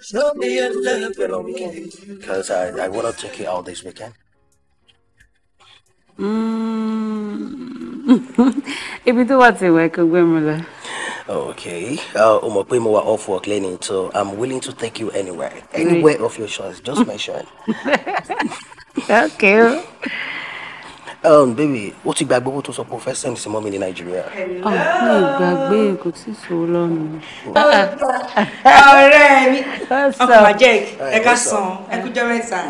Show me a little bit of me. Because I, I want to take it all this weekend. Mm. Ibi tó wà ti wẹ̀ kó gbé mi lọ. Okay, uh, o mọ̀ pé mo wà off work lẹ́ni so I'm willing to take you anywhere, anywhere of your choice, just mention. okay um, baby ó ti gbàgbé owó tó sọ pé o fẹ́ send sí mọ́mí ní nàìjíríà. ọ̀pọ̀ ah, ìgbàgbé kò sí sòwò lọ́nu. ọ̀rẹ́ mi ọkọ̀ àjẹ́ ẹ̀ka san ẹ̀kújọ́ mẹ́ta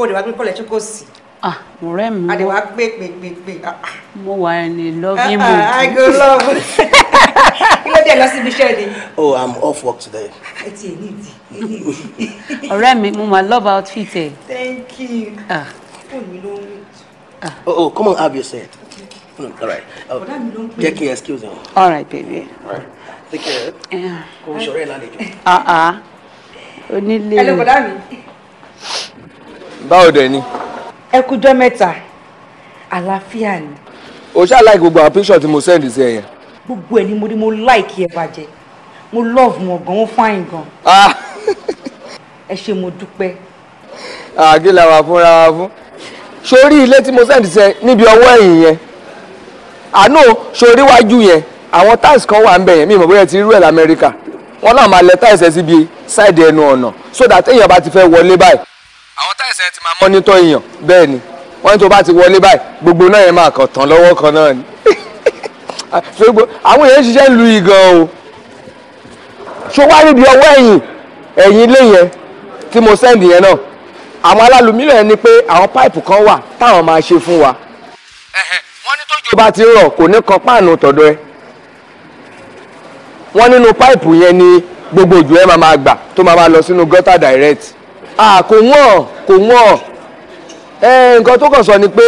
ó lè wá gbé pọ̀lẹ́ tí kò sí. Ah, ọ̀rẹ́ mi wọ́n àdèwà gbé gbégbé. Ah, mo wà ní lọ́bí mo jù. i go love. kí ló dé lọ síbi iṣẹ́ ni. oh i'm off work today. ẹ ti ẹ̀ ní ìdí. ọ̀rẹ́ love outfit ẹ̀. thank you. Ah. Ah. Oh, oh, come on, have your seat. Okay. All right. Oh, jẹ́ kí n excuse me. All right, baby. All right. Take care. Uh ń ṣọ̀rẹ́ lálejò. Onílé. Ẹ lè bọ̀dá mi. Báwo dẹ̀ ni? Ẹ kújọ́ mẹ́ta, àlàáfíà ni. O ṣáà láì gbogbo àwọn píṣọ̀ tí mo sẹ́ndì sí ẹ yẹn. Gbogbo ẹ̀ ni mo rí mo láìkí ẹ bàjẹ́. Mo love wọn gan, wọ́n fáyìn gan. Ah. Ẹ ṣé mo dúpẹ́. Àgé ah, làwà fúnra wa fún sórí ilé tí mo sẹ́ǹdì sẹ́ níbi ọwọ́ ẹ̀yìn yẹn àánú sórí wájú yẹn àwọn táìsì kan wà ń bẹ̀ yẹn mi ìmọ̀ bóyá ti rú ẹ̀ lamẹ́ríkà wọn náà máa lẹ táìsì ẹ síbi ṣáìdì ẹnu ọ̀nà so that èèyàn bá ti fẹ́ wọlé báyìí àwọn táìsì ẹ ti máa mọ́nítọ̀ èèyàn bẹ́ẹ̀ ni wọ́n ní tó bá ti wọlé báyìí gbogbo náà yẹn máa kàn tán lọ́wọ́ kan náà ni àwọn èèyàn ṣiṣẹ́ lu ìgàn o ṣó wá níbi ọwọ́ ẹ̀yìn ẹ̀yìn ilé yẹn tí mo sẹ́ǹdì yẹn náà àwọn alálùmíràn ni pé àwọn páìpù kan wà táwọn máa ṣe fún wa. wọ́n ní tójò bá ti rọ̀ kò ní kan páànù tọ̀dọ̀ ẹ. wọ́n nínú páìpù yẹn ni gbogbo òjò ẹ máa máa gbà tó máa máa lọ sínú gutter direct. à kò wọ́n kò wọ́n ẹ nǹkan tó kàn sọ ni pé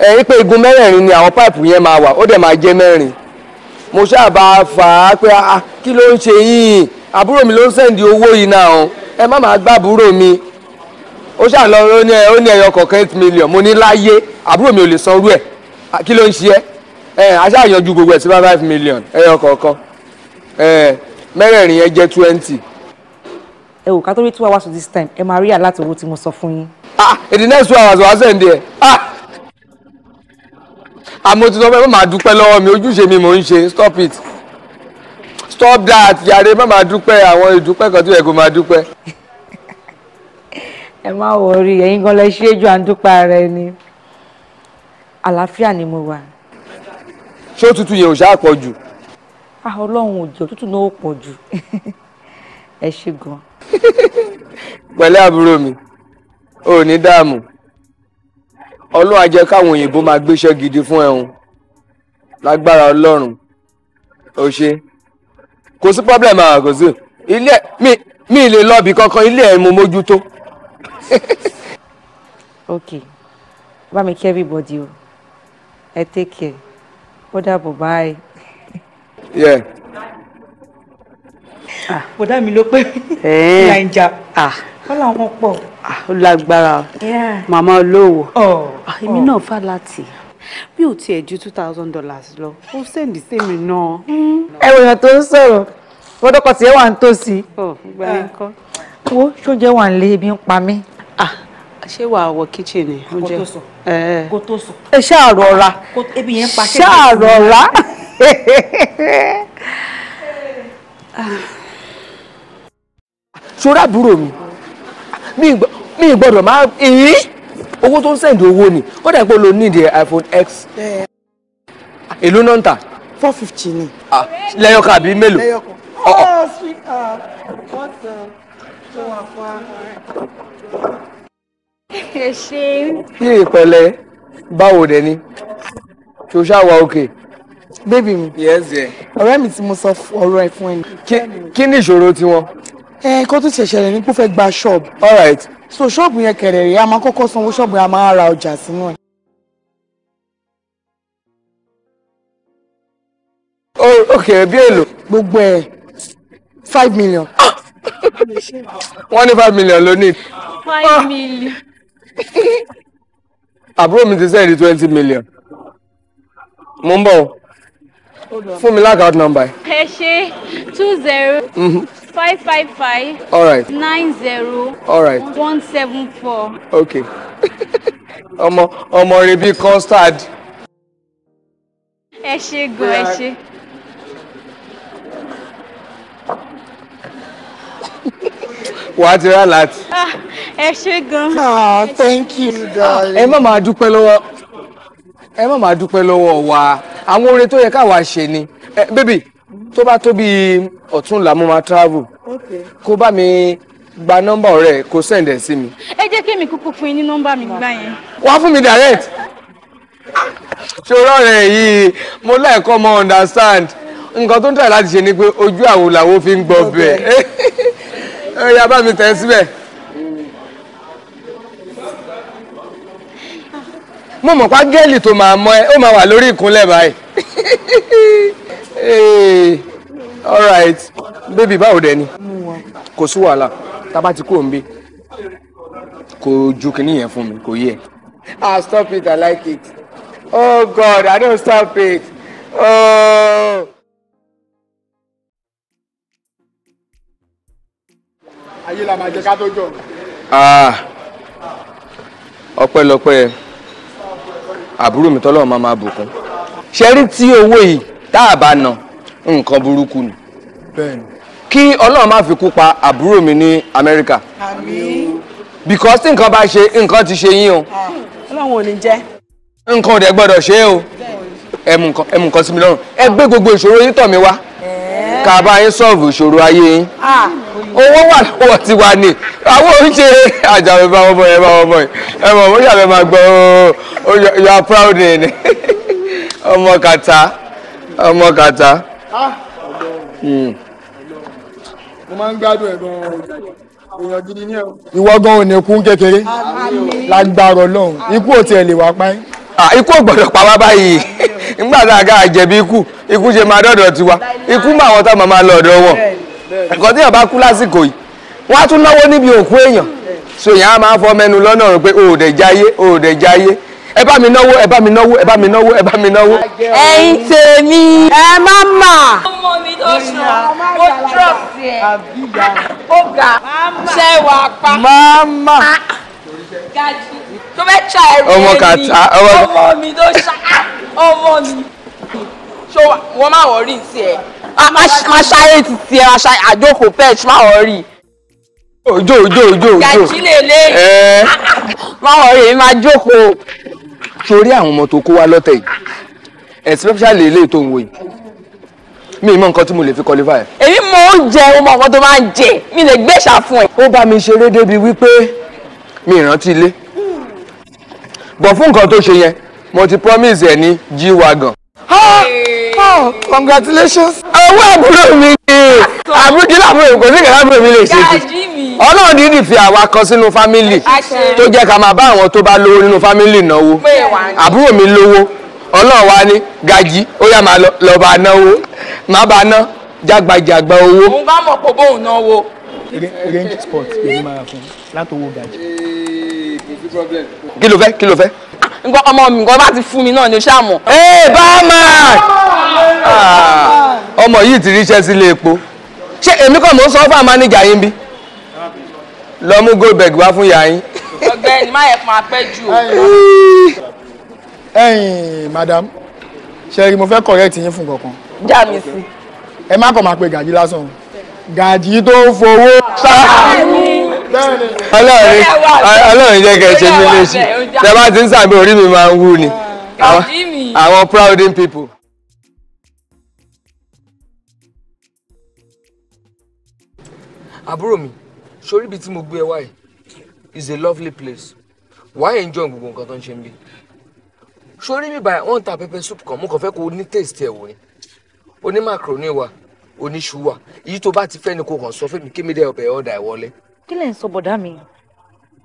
ẹ̀yìn pé igun mẹ́rẹ̀ẹ̀rin ni àwọn páìpù yẹn máa wà ó dẹ̀ máa jẹ́ mẹ́rin mo ṣáàbà fà á pé ah, kí ló ń ṣe yín àbúrò mi ló ń sẹ́ǹdì owó yìí náà ẹ má máa gbàbúrò mi ó ṣàlọ ó ní ó ní ẹyọ kọ̀ọ̀kan eight million mo ní láyé àbúrò mi ò lè sanwó ẹ̀ kí ló ń ṣe ẹ́ ẹ̀ aṣáàyànjú gbogbo ẹ̀ sí five million ẹyọ kọ̀ọ̀kan ẹ̀ mẹ́rẹ̀ẹ̀rin yẹn jẹ́ twenty. ẹ wò ká tó rí two hours to this time ẹ máa rí àláti owó tí mo sọ fún yín. ah in the next two hours wàá sẹ̀ ń di ẹ̀ ah àmọ́ ti sọ pé má máa dúpẹ́ lọ́wọ́ mi ojúṣe mi mò ń ṣe stop it stop that yàrá má máa dúpẹ́ àwọn ìdúpẹ́ kan tó yẹ kó máa dúpẹ́ ẹ má wọrí ẹ̀yin gan lẹ ṣe jù à ń dúpẹ́ ara ẹni àlàáfíà ni mo wà. ṣé òtútù yẹn ò ṣáà pọ̀ jù. a ah, ọlọ́run òjò òtútù náà ò pọ̀ jù ẹ ṣe gan. pẹ̀lẹ́ àbúrò mi ò ní dààmú ọlọ́run á jẹ́ káwọn òyìnbó máa gbéṣẹ́ gidi fún ẹ̀hún lágbára ọlọ́run ò ṣe kò sí pọ́blẹ̀mù àwọn ah, àgọ́sí ilé mi mi lè lọ́ọ̀bì kankan ilé ẹ̀ mo mójútó. okay bá mi kí everybody o ẹ take care ó dàbọ̀ bye. yeah. Ah. bọ̀dá mi ló pé naija wọ́n làwọn pọ̀. Ah, ó lágbára màmá olówó oh. ah, èmi oh. náà fà láti bí o tiẹ̀ ju two thousand dollars lọ ó sẹ́ndì sẹ́mi náà. Mm. ẹ wòyàn tó ń sọ̀rọ̀ fọdọ́kọ̀ tiẹ̀ wà ń tòsí. wo ṣó jẹ́ wà ń lé ebi ń pa mí ṣé wàá wọ kitchen ni oúnjẹ kó tó sùn ẹ ṣáà rọra ebi yẹn pa ṣé ṣáà rọra ṣọ́ra àbúrò mi mi gbọ́dọ̀ máa èyí owó tó ń sẹ̀ǹdì owó ni ó dẹ̀ pé o lo need iPhone X èló náà ń tà. four fifty ni. Ah, lẹ́yọ̀kan àbí mélòó. lẹ́yọ̀kan. ọ̀ọ́ oh, oh. oh, sweet ah, ẹ ṣe. bí ìpẹ̀lẹ́ báwo dẹ ni ṣo ṣáà wà òkè. bébì mi ọ̀rẹ́ mi tí mo sọ ọ̀rọ̀ ẹ̀ fún ẹ ni. kí ni ìṣòro tiwọn. ẹ kó tó ṣẹ̀ṣẹ̀ rẹ̀ ni kó fẹ́ gba ṣọ́ọ̀bù. all right. so ṣọ́ọ̀bù yẹn kẹ̀rẹ̀ rí a máa kọ́kọ́ sanwó ṣọ́ọ̀bù yẹn a máa ra ọjà sínú ẹ̀. Oh, ok bí èlò. gbogbo ẹ five million. Ah! wọ́n ní five million ló five million àbúrò mi ti sẹ́ẹ̀dì twenty million mo ń bọ̀ fún mi lákàtúntà nọ́mbà ẹ̀. ẹ ṣe two zero mm-hmm. five five five all right nine zero all right one seven four. okay ọmọ ọmọ rẹ bíi custard. ẹ ṣe go ẹ ṣe. wàá ti rà ah ẹ ṣe gan. ah thank you darling. ma má máa dúpẹ́ lọ́wọ́ ẹ má máa dúpẹ́ lọ́wọ́ wa àwọn oore tó yẹ káwa ṣe ni eh, bébì tó bá tó bíi la mo máa travel kó bá mi gba nọ́mbà ọ̀rẹ́ kó sẹ̀ǹdẹ̀ sí mi. e jẹ́ kí èmi kúkú fún yín ní mi gbà yẹn. wá fún mi direct ṣòro rẹ̀ yìí mo láìkọ́ mọ understand nǹkan tó ń tà láti ṣe ni pé ojú àwo làwo fi ń gbọ́ bẹ́ẹ̀. ẹ bá mi tẹ̀ síbẹ̀. mo mọ̀ pa gẹ́ẹ̀lì tó máa mọ ẹ ó máa wà lórí ìkúnlẹ̀ báyìí. all right baby báwo dẹ ni kò sí wàhálà tá a bá ti kúrò ń kò ju kinní yẹn fún mi kò yẹ. ah stop it i like it oh god i don't stop it. Oh. yìí la máa jẹ ká tó jọ. ọpẹ́lọpẹ́ àbúrò mi tọ́lọ́ máa máa bùkún ṣẹ́rí tí owó yìí tá a bá ná nǹkan burúkú ni kí ọlọ́run má fi kú pa àbúrò mi ní amẹ́ríkà because tí nǹkan bá ṣe nǹkan ti ṣe yín o ọlọ́run ò ní jẹ́ nǹkan ò dẹ̀ gbọ́dọ̀ ṣe é o ẹmu nǹkan ẹmu nǹkan sí mi lọ́rùn ẹ gbé gbogbo ìṣòro yín tọ̀ mi wá kàbá yín sọ̀rọ̀ ìṣòro ayé yín owó wà lọ́wọ́ tiwa ni àwọn ò ń bá wọn bọ̀ bá wọn bọ̀ yẹn ẹ mọ̀ máa gbọ́ o oh, you are proud in ọmọ kàtá ọmọ kàtá. Ah. Hmm. mo máa ń gbádùn ẹ̀ gan-an èèyàn gidi ní ẹ̀. ìwọ gan-an ò ní kú kékeré lágbára Ọlọ́run ikú ò tiẹ̀ lè wá pa ẹ́ ikú ò gbọ́dọ̀ pa wá báyìí nígbà tá a ká àjẹbí ikú ikú ṣe máa dọ̀dọ̀ tiwa ikú máa wọ́n tá máa máa lọ ọ̀dọ̀ wọn ẹ̀kọ́ tí èèyàn bá kú lásìkò yìí wọ́n á tún náwó níbi òkú èèyàn so èèyàn á máa fọ mẹ́nu lọ́nà rẹ̀ pé òòdẹ̀ jáyé òòdẹ̀ jáyé ẹ bá mi náwó ẹ bá mi náwó ẹ bá mi náwó ẹ bá mi náwó. ẹ̀yin tèmi ẹ má mà. ọmọ mi tó sùn mo drop ó ga ṣẹ́wà pa. máma tó fẹ́ ṣá ẹrù ẹni ah, ọmọ mi tó ṣá ah, ọmọ mi. ṣé wọ́n máa wọ̀ rí sí ẹ máa ṣayé títí ẹ máa ṣayé àjókò pẹ́ẹ̀tì máa wọ̀ rí òjò òjò òjò òjò gàjílélé máa wọ̀ rí èmi máa jókòó. sórí àwọn ọmọ tó kó wá lọ́tẹ̀ yìí especially eléyìí tó ń wò yìí mi mọ nǹkan tí mo lè fi qualify. èmi mo ń jẹ ọmọ nǹkan tó máa ń jẹ mi lè gbèsà fún ẹ. ó bá mi ṣeré débi wípé mi ìrántí ilé bọ̀ fún nǹkan tó ṣe yẹn mo ti promise ẹ̀ ní g-wagon Oh, congratulations. Owó àbúrò mi ni àbújí làbúrò kò sí kẹ̀kẹ́ àbúrò mi lè ṣe jù. Ọlọ́run dídì fi àwa kan sínú fámìlì tó jẹ́ ká máa bá àwọn tó bá lówó nínú fámìlì náwó. Àbúrò mi lówó. Ọlọ́run wa ní gàjí ó yá máa lọ bá náwó. Má bá ná jágbajàgba owó. Mo bá mọ̀ pé bóun náwó. Range sport èyí máa fún látòwò gàjí. Kí ló fẹ́? Kí ló fẹ́? nǹkan ọmọ mi nǹkan bá ti fún mi náà ni o ṣáà mọ̀. ee barman ah. ọmọ yìí ti ríṣẹ́ sílé epo ṣé èmi kàn mò ń sọ fún àmánijà yín bí lọ mú goldberg wá fún ìyá yín. ọ̀gbẹ́ni má yẹ fún apẹ o. ẹ̀yin madam ṣe rí mo fẹ́ correct yín fún kankan. já mi sí. ẹ má kàn máa pe gàjí lásán gàjí tó fowó ṣáà ọlọ́run jẹ́ kẹ́ ṣe mí léṣe tẹ bá ti ń sàmì orí mi máa ń wú ni àwọn prouding people. àbúrò mi sórí ibi tí mo gbé ẹ wá is a lovely place wàá enjoy gbogbo nǹkan tó ń ṣe ń bí sórí mi báyìí wọ́n ń ta pepper soup kan mo kàn fẹ́ kó o ní taste ẹ̀ wò ni o ní macaroni wa o ní ṣu wa èyí tó bá ti fẹ́ ni kò kàn sọ fún mi kí mi dẹ́ ọbẹ̀ ọ̀dà ẹ̀ wọlé kí lẹ̀ ń sọ bọ̀dá mi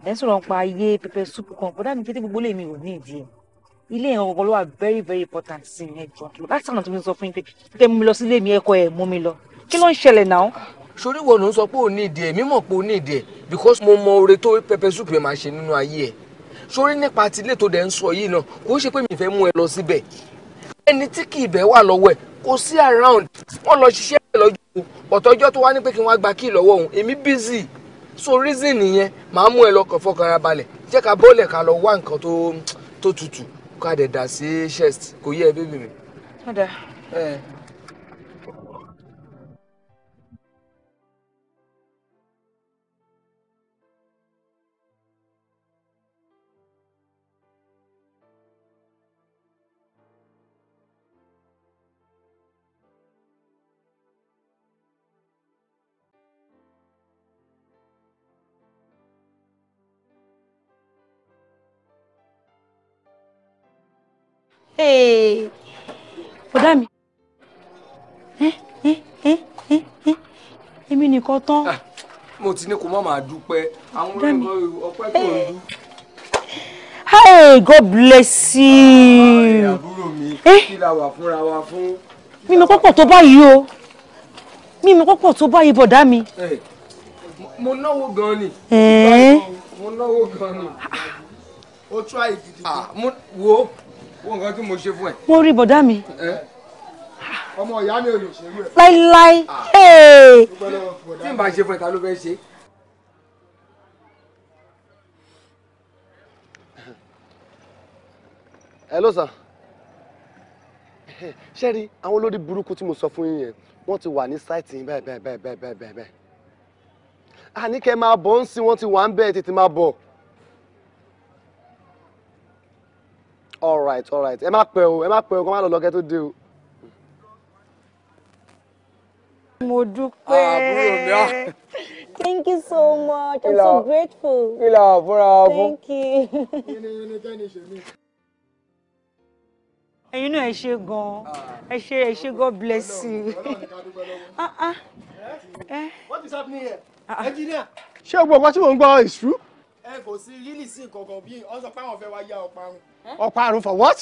ẹ̀ ń sọ̀rọ̀ nípa ayé pẹpẹ súpù kan bọ̀dá mi kété gbogbo lè mi ò ní ìdí ilé yẹn ọ̀gọ́ ló wà very very important sí mi ẹ̀jọ̀ láti sànà tó mi sọ fún yín pé tẹ́ mú mi lọ sílé mi ẹ̀kọ́ ẹ̀ mú mi lọ kí ló ń ṣẹlẹ̀ náà. sori wo ló ń sọ pé ò ní ìdí ẹ mímọ̀ pé ò ní ìdí ẹ because mo mọ oore tó pẹpẹ súpù yẹn máa ṣe nínú ayé ẹ sori nípa ti ilé tó dẹ̀ ń sọ yìí náà kò ṣe pé mi fẹ́ mú ẹ lọ síbẹ̀ ẹni tí kì í bẹ̀ wà lọ́wọ́ ẹ kò sí around wọ́n lọ ṣiṣẹ́ lọ́jọ́ ọ̀tọ́jọ́ tó wá ní pé kí wọ́n á gba kí lọ́wọ́ òun èmi busy so reason yẹn màá mú ẹ lọkàn fọkànra balẹ̀ jẹ́ ká bọ́ọ̀lẹ̀ ká lọ wá nǹkan tó tó tutù ká dẹ̀ dà sí chest kò yẹ ẹ bébì mi. ọ̀dà ẹ eh. ọ̀dà mi èmi nìkan tán. Ah, mo ti ní kó má máa dúpẹ́ àwọn ọpẹ́ tó ń dú. Hey, God bless you. Àbúrò mi, eh? kí la wà fúnra wa fún? Mímu pọ̀pọ̀ tó báyìí o. Mímu pọ̀pọ̀ tó báyìí bọ̀dá mi. Eh, mo náwó gan ni. Eh? Mo náwó gan ni. Ó tún àìdìdì. Wo wọ́n nǹkan tí mo ṣe fún ẹ. mo rí bọ̀dá mi. ọmọ ìyá mi ò lè ṣerú ẹ. láíláí. Ah. tí n bá ṣe fún ẹ ta ló fẹ́ ṣe. hello sir ṣẹ́rí àwọn olórí burúkú tí mo sọ fún yín yẹn wọ́n ti wà ní sáìtì yín báyìí báyìí báyìí báyìí báyìí. àníkẹ́ máa bọ̀ ń sin wọ́n ti wà ń bẹ̀ tètè máa bọ̀. all right all right ẹ má pẹ́ o ẹ má pẹ́ o kó má lọ lọ́kẹ́ ah, ah. thank you so much i'm so grateful. thank you. You know, I should go. I should, I should. god bless you. Ah, eh? what is happening here engineer. ṣé o gbọ́ ọ̀pá tí mò ń gbọ́ is true ẹ kò sí lílì sí kankan bí ọ sọ pé àwọn fẹ́ wá yá ọparun. ọparun for what.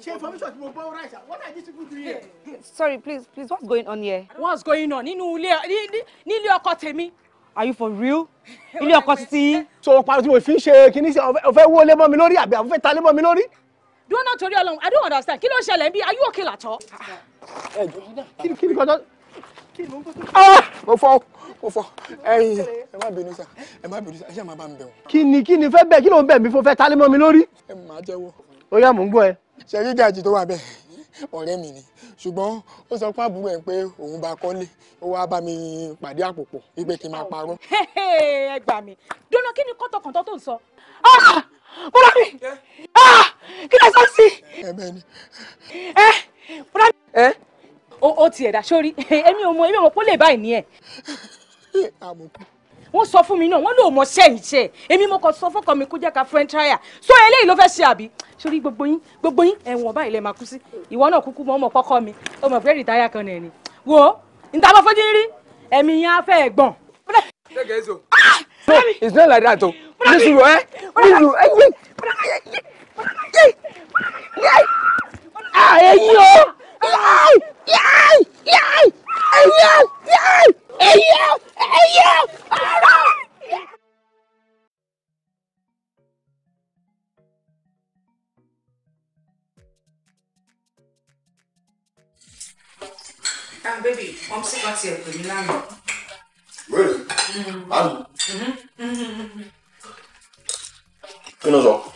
ṣe information ti mo bọ́ right ah, what i need to do here. sorry please please what's going on here. what's going on nínú ilé nílé ọkọ tèmi. are you for real. ilé ọkọ títí. so ọparun tí mo fi ń ṣe kinní sí ọfẹ wọlé mọ́ mi lórí àbí àfẹ ta lé mọ́ mi lórí dúró náà torí Ọlọ́run i don't understand kí ló ń ṣẹlẹ̀ bí are you okay làtọ. ẹ jọ kí ni kí ni kọjá mo fọ ah, mo fọ ẹyin ẹ má bínú sa ẹ má bínú sa ẹ ṣe máa bá mi bẹ̀ wọ́n. kí ni kí ni fẹ́ bẹ́ẹ̀ kí ló ń bẹ̀ mí fún fẹ́ ta lé mọ́ mi lórí. ẹ máa jẹ́wọ́. ó yá mò ń gbọ́ ẹ. ṣe gíga àjì tó wà bẹ́ẹ̀ ọ̀rẹ́ mi ni ṣùgbọ́n ó sọ pé àbúrò ẹ̀ pé òun bá kọ́lé ó wá bá mi pàdé àpòpọ̀ wípé kí n máa parọ́. ẹ gbà mí dúró kí ni kọ́tọ̀kọ̀tọ̀ tó ń sọ. bọ́lá ah, ah, kí ló sọ sí. ẹ bẹ́ẹ̀ ni. ẹ eh, bọ́lá mi. Eh? ó ti ẹ̀dá sórí èmi ò mọ èmi ò mọ pé lè báyìí ní ẹ̀. wọ́n sọ fún mi náà wọ́n lò mọ sẹ́yìn iṣẹ́ èmi mo kàn sọ fọ́kọ mi kó jẹ́ ka friend trial eléyìí ló fẹ́ ṣe àbí sórí gbogbo yín gbogbo yín ẹ̀wọ̀n báyìí lè máa kú sí ìwọ náà kúkú mọ ọmọ kọ́kọ́ mi ọmọ bẹ́ẹ̀ rìtáyà kan nìyẹn wo níta bá fojú rí ẹ̀mí yẹn á fẹ́ gbọ̀n. no ah! it's not like that o o. Um, baby, mom still got here for Milan. Really? Mm-hmm. And? Mm-hmm. Mm-hmm. You know so?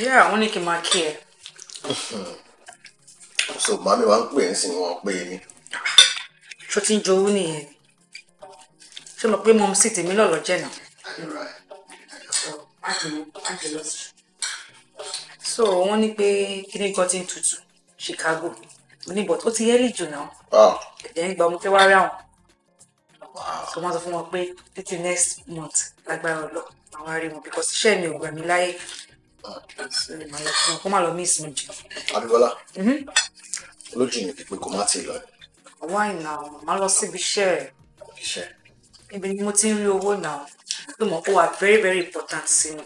Yeah, only came back here. Hmm. so màmí wa ń pè é sí wọn pé mi. ṣó ti ń jowú nìyẹn ṣé mo pé mo ń tèmi lọ́lọ́ jẹ́ so wọ́n ní pé kíní kan ti ń tutù Chicago oníbọ̀ tó ti yẹ́lì jù náà ah. ẹ̀jẹ̀ ń gba ọmọ fẹ́ wá rí àwọn so wọ́n sọ fún wọn pé títí next month lágbára ọlọ àwọn arí wọn because iṣẹ́ mi ò gbà mí láyé ah, kó má lọ mí ìsinmi lójú yìí pé kò má ti lọ. why now má lọ síbi iṣẹ́ ẹ̀. iṣẹ́. ibi ni mo ti ń rí owó now pé mo kó wa very very important sí mi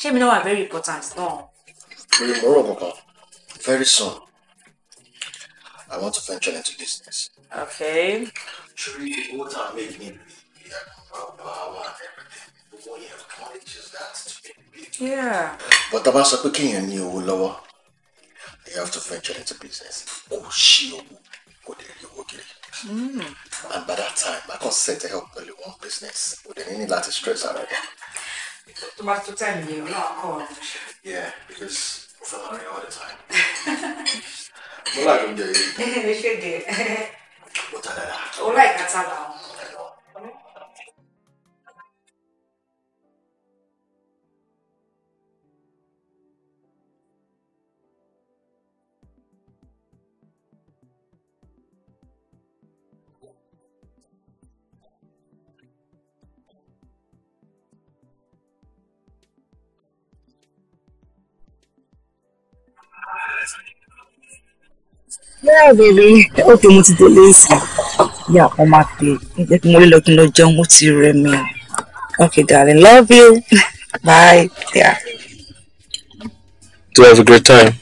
ṣé mi náà wà very important náà. oye mo rò kankan very soon i want to venture into business. okay. ṣorí owó tá a make ní ìyá bàbá wa everything gbogbo yẹn acknowledges that. yeah. bọ́tà bá sọ pé kéèyàn ní owó lọ́wọ́ they have to venture into business Oh, ṣí owó kò dẹ̀ rí owó hmm. and by that time i can set to help only one business kò dẹ̀ ní láti stress ara rẹ̀. I bá tó tẹ̀ mí o náà kọ́ ọ. yeah because it's a all the time. mo láì do. yìí. ṣé de. ó ta dára. ó láì kàtà bá. rárá bèbè ókè mo ti délé ìsìn yà mo máa pè é jẹ́ mo lè lọ lọ jẹun ó ti rẹ̀ mí okay darling love you bye yeah. Do you have a great time?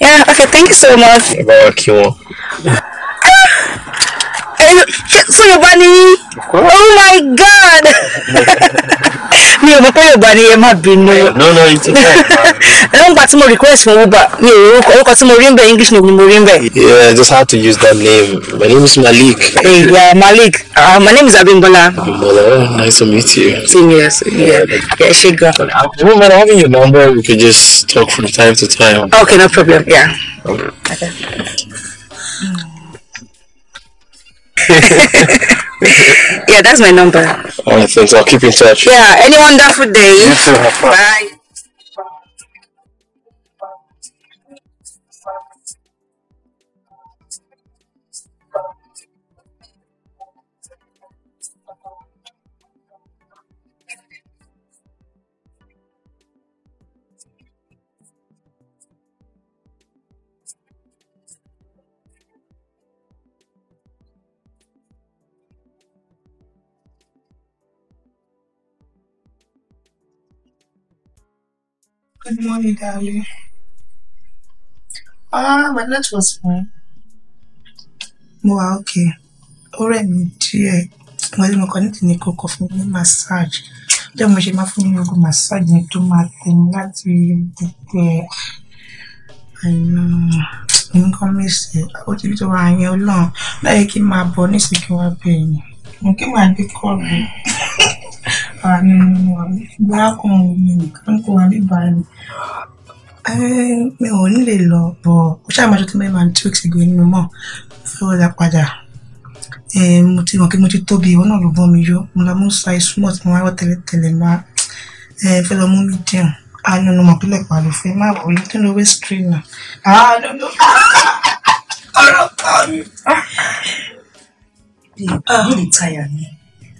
Yeah, okay, thank you so much. Bye, Kiwon. Ah! So, you're Oh my God! mi have a pé Yorùbá I'm not being no no it's okay. ẹ̀rọ gba tí mo request for Uber you, ò orúkọ orúkọ tí English No, more in yeah I just had to use that name my name is Malik. hey yeah Malik uh, my name is Abimbola. Abimbola nice to meet you. same yes. Yeah, she yeah it. do no mind having your number we could just talk from time to time. okay no problem yeah. okay. okay. yeah, that's my number. All right, thanks. I'll keep in touch. Yeah, anyone wonderful day. You too. Bye. Good morning, darling. Ah, my night was fine. Wow, okay. Already, rẹ̀ mí I'm going to mo kàn nítorí ní kókó fún mi massage. Jẹ́ mo ṣe máa fún mi oògùn massage yẹn tó máa tẹ̀ mí láti gbogbo ẹ̀. Àìmọ̀ nǹkan mèsì. Ó ti rí tó wà yẹn ọlọ́run. Láyé kí n máa bọ̀ nísìnyí kí wọ́n bẹ̀rẹ̀. Mo kí màá gbé kọ́ọ̀lù. ìgbà kan mi nìkan kó wa níbàárà mi mi ò ní lè lọ bọ̀ ó ṣáà máa ṣe tí mẹ́rin máa ń tí òkè gbé nínú mọ́ fẹ́ wọlé padà mo ti mọ̀ kí mo ti tóbi ìwọ náà ló bọ́ mi yó mo lọ mú ṣáì súnmọ́ tí mo wáyọ̀ tẹ́lẹ̀tẹ́lẹ̀ máa fẹ́ lọ mú mi dẹ̀hùn àánú ni mo pàlọ́ fẹ́ má bọ̀ yìí kí ló wé strain náà ọ̀rọ̀ kan mi. bí o lè tayà ni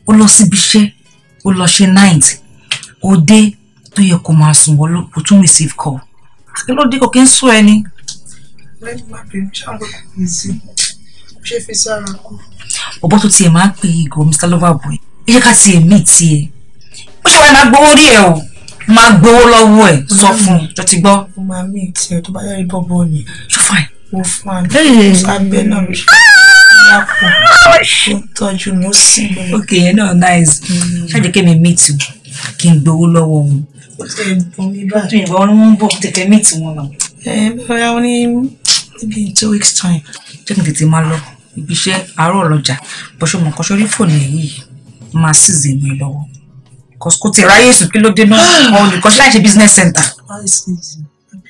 ó lọ síbi iṣẹ́ ó lọ ṣe night ó dé tó yẹ kó máa sùn wọ́n ló tún receive call ló dé kò kí ń sún ẹni. lẹ́nu máa fi ṣàlọ́ kò ní sí ṣé fi sára kú. ọ̀bọ tó tiẹ̀ máa ń pè ìgò Mr Loverboy ẹ jẹ́ ká tiẹ̀ mí tiẹ̀ e. ó ṣe wáyé máa gbowó rí ẹ̀ o máa gbowó lọ́wọ́ ẹ̀ sọ fún un tó ti gbọ́. mo máa mí tiẹ̀ tó bá yára bọ́bọ́ ni. ṣó fine. mo fún àná náà mi yàpò ó tọ́jú mi ó sì gbọ́. ok yẹn náà nice mm. ṣáàjì kí mi meet kí n gbowó lọ́wọ́ wọn. ó ti bọ̀ mí bá tún ìbọn wọn ń bọ̀ tètè meet wọn náà. ẹ bẹ́ẹ̀ wọ́n ní níbi two weeks time. jẹ́ kí n tètè máa lọ ibi iṣẹ́ àárọ̀ ọlọ́jà bọ́sọ̀ mọ̀ kọ́sọ́ rí fóònù èyí máa sì zè mí lọ́wọ́ kò tí ì ráyè sùn kí ló dé náà olùkọ́ṣẹ́ láì ṣe business center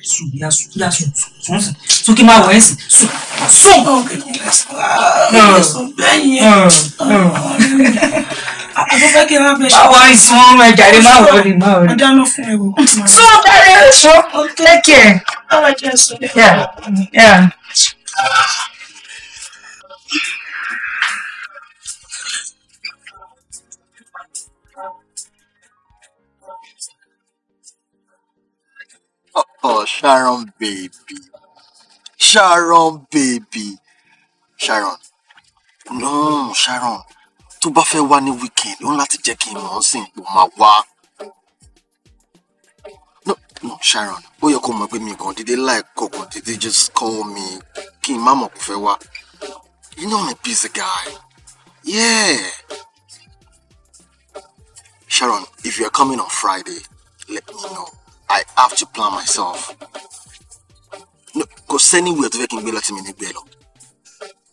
sùn yá sùn yá sùn sùn sùn sùn kí n máa wọ̀ ẹ́ sìn sùn sùn. àtọ́fẹ́ kí n máa bẹ báwo àìsàn ọmọ ẹja rẹ máa wọlé máa wọlé. ó dáná fún ẹwọ. sùn bẹ́ẹ̀ sùn take care. báwo jẹ́ sùn. Oh, Sharon, baby. Sharon, baby. Sharon. No, Sharon. Tó bá fẹ́ wá ní weekend, ó ń láti jẹ́ kí n mọ̀ ọ́n sì ń máa wá. No, no, Sharon. Ó yẹ kó mọ̀ pé mi kàn dédé láìkọ̀ kàn dédé just call me kí n má mọ̀ kó fẹ́ wá. You know I'm a busy guy. Yeah. Sharon, if you are coming on Friday, let me know. I have to plan myself. No, kò any way tó fẹ́ kí n gbé lọ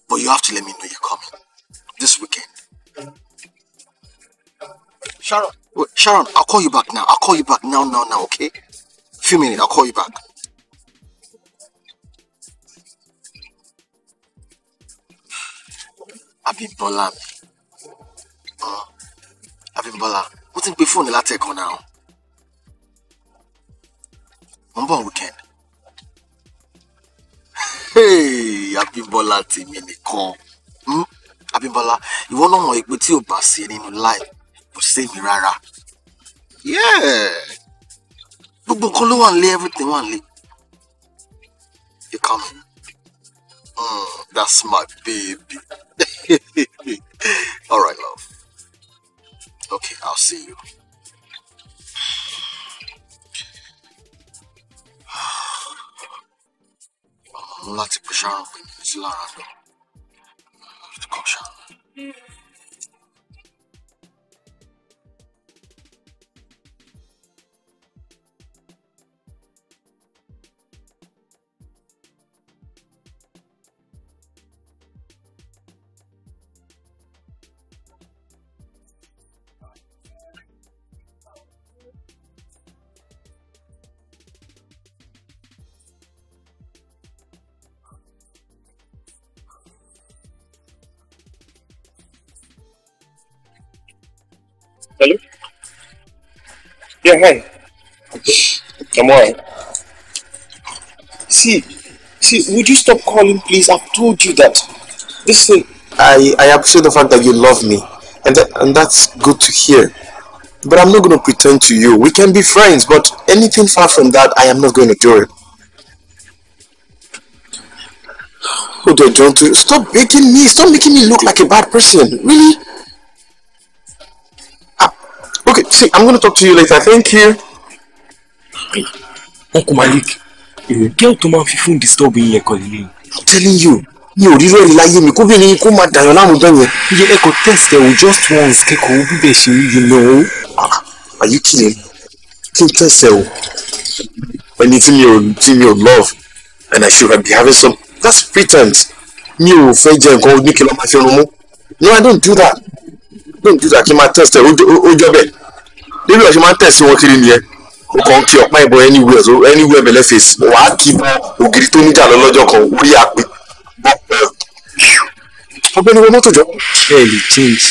But you have to let me know you're coming this weekend. Sharon. Wait, Sharon, I'll call you back now. I'll call you back now, now, now, okay? Few minutes, I'll call you back. Abímbọ́lá mi. Uh, Abímbọ́lá, mo ti ń pe fóònù látẹ̀kọ́ náà mo ń bọ̀ weekend. Abímbọ́lá tèmi nìkan hmm? Abímbọ́lá ìwọ náà mọ̀ pé tí ò bá sí nínú live kò sèmi rárá gbogbo nǹkan ló wà nílé everything wà nílé you come mm, that's my baby all right love okay I'll see you. mo láti pèsè àrùn pé mi sí lára lọ kọ́ Hello? Yeah, hi. Come on. See, see, would you stop calling, please? I've told you that. Listen, I, I appreciate the fact that you love me, and, that, and that's good to hear. But I'm not going to pretend to you. We can be friends, but anything far from that, I am not going to do it. Hold don't Stop making me, stop making me look like a bad person. Really? Okay, see, I'm gonna talk to you later. Thank you. Hey, Uncle Malik, mm-hmm. girl tó máa fi fún disturb yín ẹ̀kọ́ lílé. I'm telling you, mi ò rírọ́ ẹ̀ láyé mi kó bí ni kó máa dàyàn láàmú bẹ́ẹ̀ yẹn. Iye ẹ̀kọ́ test ẹ̀ o just once kẹ́kọ̀ọ́ bí bẹ́ẹ̀ ṣe rí yín náà. Ah, are you kidding? Kí n test ẹ̀ o? Ẹni tí mi ò tí mi ò love and I should be having some that's pretense. Mi ò fẹ́ jẹ nǹkan oníkìlọ́ máa fi ọrùn mú. No, I don't do that. I don't do that kí n máa test ẹ̀ ó jọ bẹ́ẹ̀ débi ọ̀ṣẹ́ máa ń tẹ̀sí wọn kiri nìyẹn o kàn ń kí ọ̀pá ìbọn anywhere so anywhere bẹ̀lẹ̀ fèsì wàá kí bọ ògiri tó níjà lọ lọ́jọ́ kan orí àpè ọgbẹ́ni wọ mọ́tò jọ. bẹ́ẹ̀ lè change.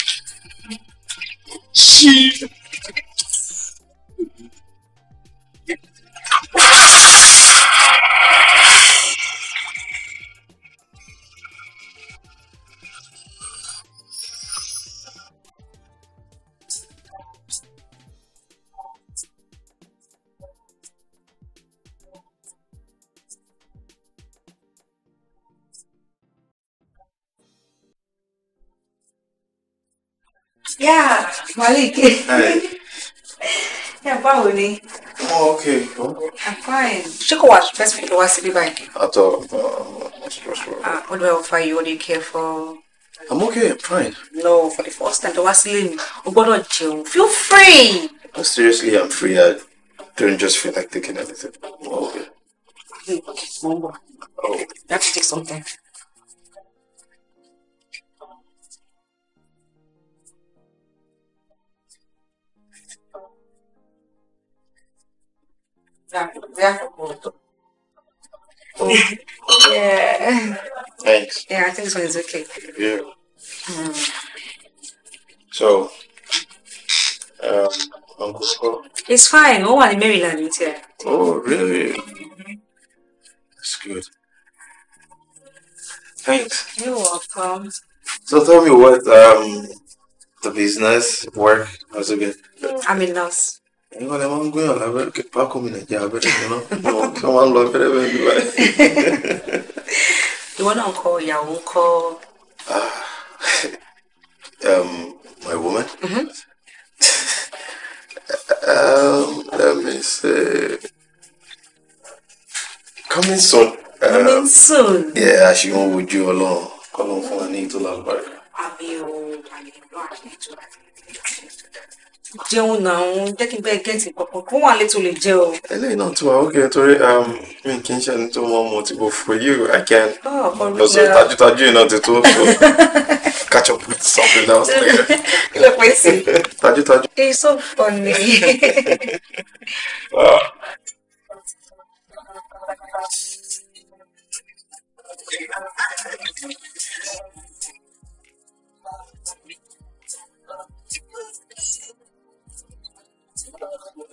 Yeah, Malik. Hi. yeah, báwo ni? Oh, okay. Oh. I'm fine. Ṣé kò wá first week wá síbí báyìí? Àtọ̀ uh, ah, what do I offer you? What do you care for? I'm okay, I'm fine. No, for the first time, tó wá sílé mi, o gbọ́dọ̀ jẹun. Feel free! No, seriously, I'm free. I don't just feel like taking anything. I'm okay. Okay, okay. Mom, oh. You have to take some time. Oh, yeah. Thanks. Yeah, I think so. It's okay. Yeah. Mm. So, um, Uncle Scott. It's fine. No one in Maryland is here. Oh, really? That's good. Thanks. You're welcome. So tell me what um the business work how's it been? I'm in loss. ẹ̀yin kọ́ni wọ́n ń gbéyàn lábẹ́rẹ́ pákó mi nàìjíríà abẹ́rẹ́ mi náà kí wọ́n máa ń lọ abẹ́rẹ́ bẹ́ẹ̀ bí ah, um, my woman. Mm-hmm. um, let me see. Coming soon. Um, Coming soon. Yeah, a ṣì ń wojú Ọlọ́run. Kọ́lọ́run fún wa ní ìtòlá àlùbáríkà. àmì ohun àlejò àti ìtura ti jẹun náà jẹ́ kí n bẹ́ẹ̀ gẹ́ẹ̀tì kankan kó wà létò lè jẹ́ o. eléyìí náà ti wà ó kẹ́ torí um, mi kì í ṣe ẹni tó mọ ọmọ tí mo for you I can. Ah, lọ sí tajútajú iná ti tó so catch up with something else later. kí ló pè sí. tajútajú. it's so funny. uh. Thank you.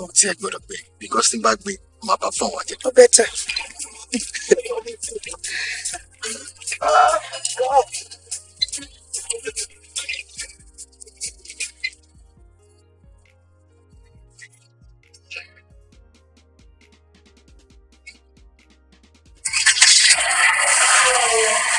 wọn ti ẹ gbọ́dọ̀ gbé because tí n bá gbé má bá fún àwọn àjẹjọ Yeah.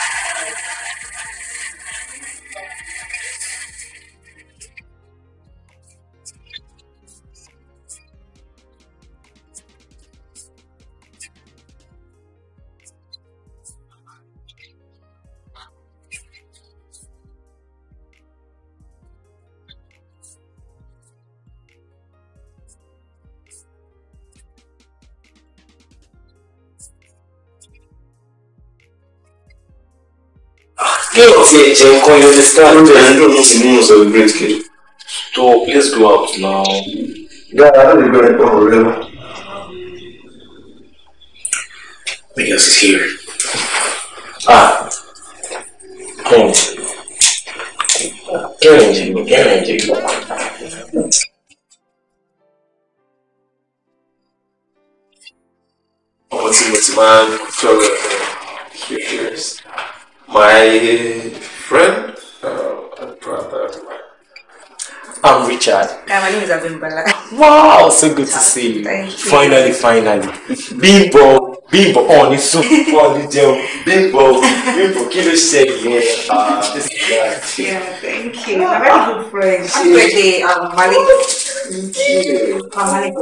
jẹun kan you understand. I don't know if you must celebrate kid. So please go out now. Dad, I don't even know for real. Miguel's is here. Ah. Come. Get in, Jimmy. Get in, Jimmy. What's it, what's it, man? Flora. My friend, uh, and brother. I'm Richard. Yeah, my name is Abimbala. Wow, so good to see you. Thank you. Finally, finally. Being born bímbọ ọ̀ọ́ni sùn bọ́ọ̀lù jẹun bímbọ bímbọ kí ló ṣe yẹn. Ah, yeah thank you na very good friend happy birthday um, malik malik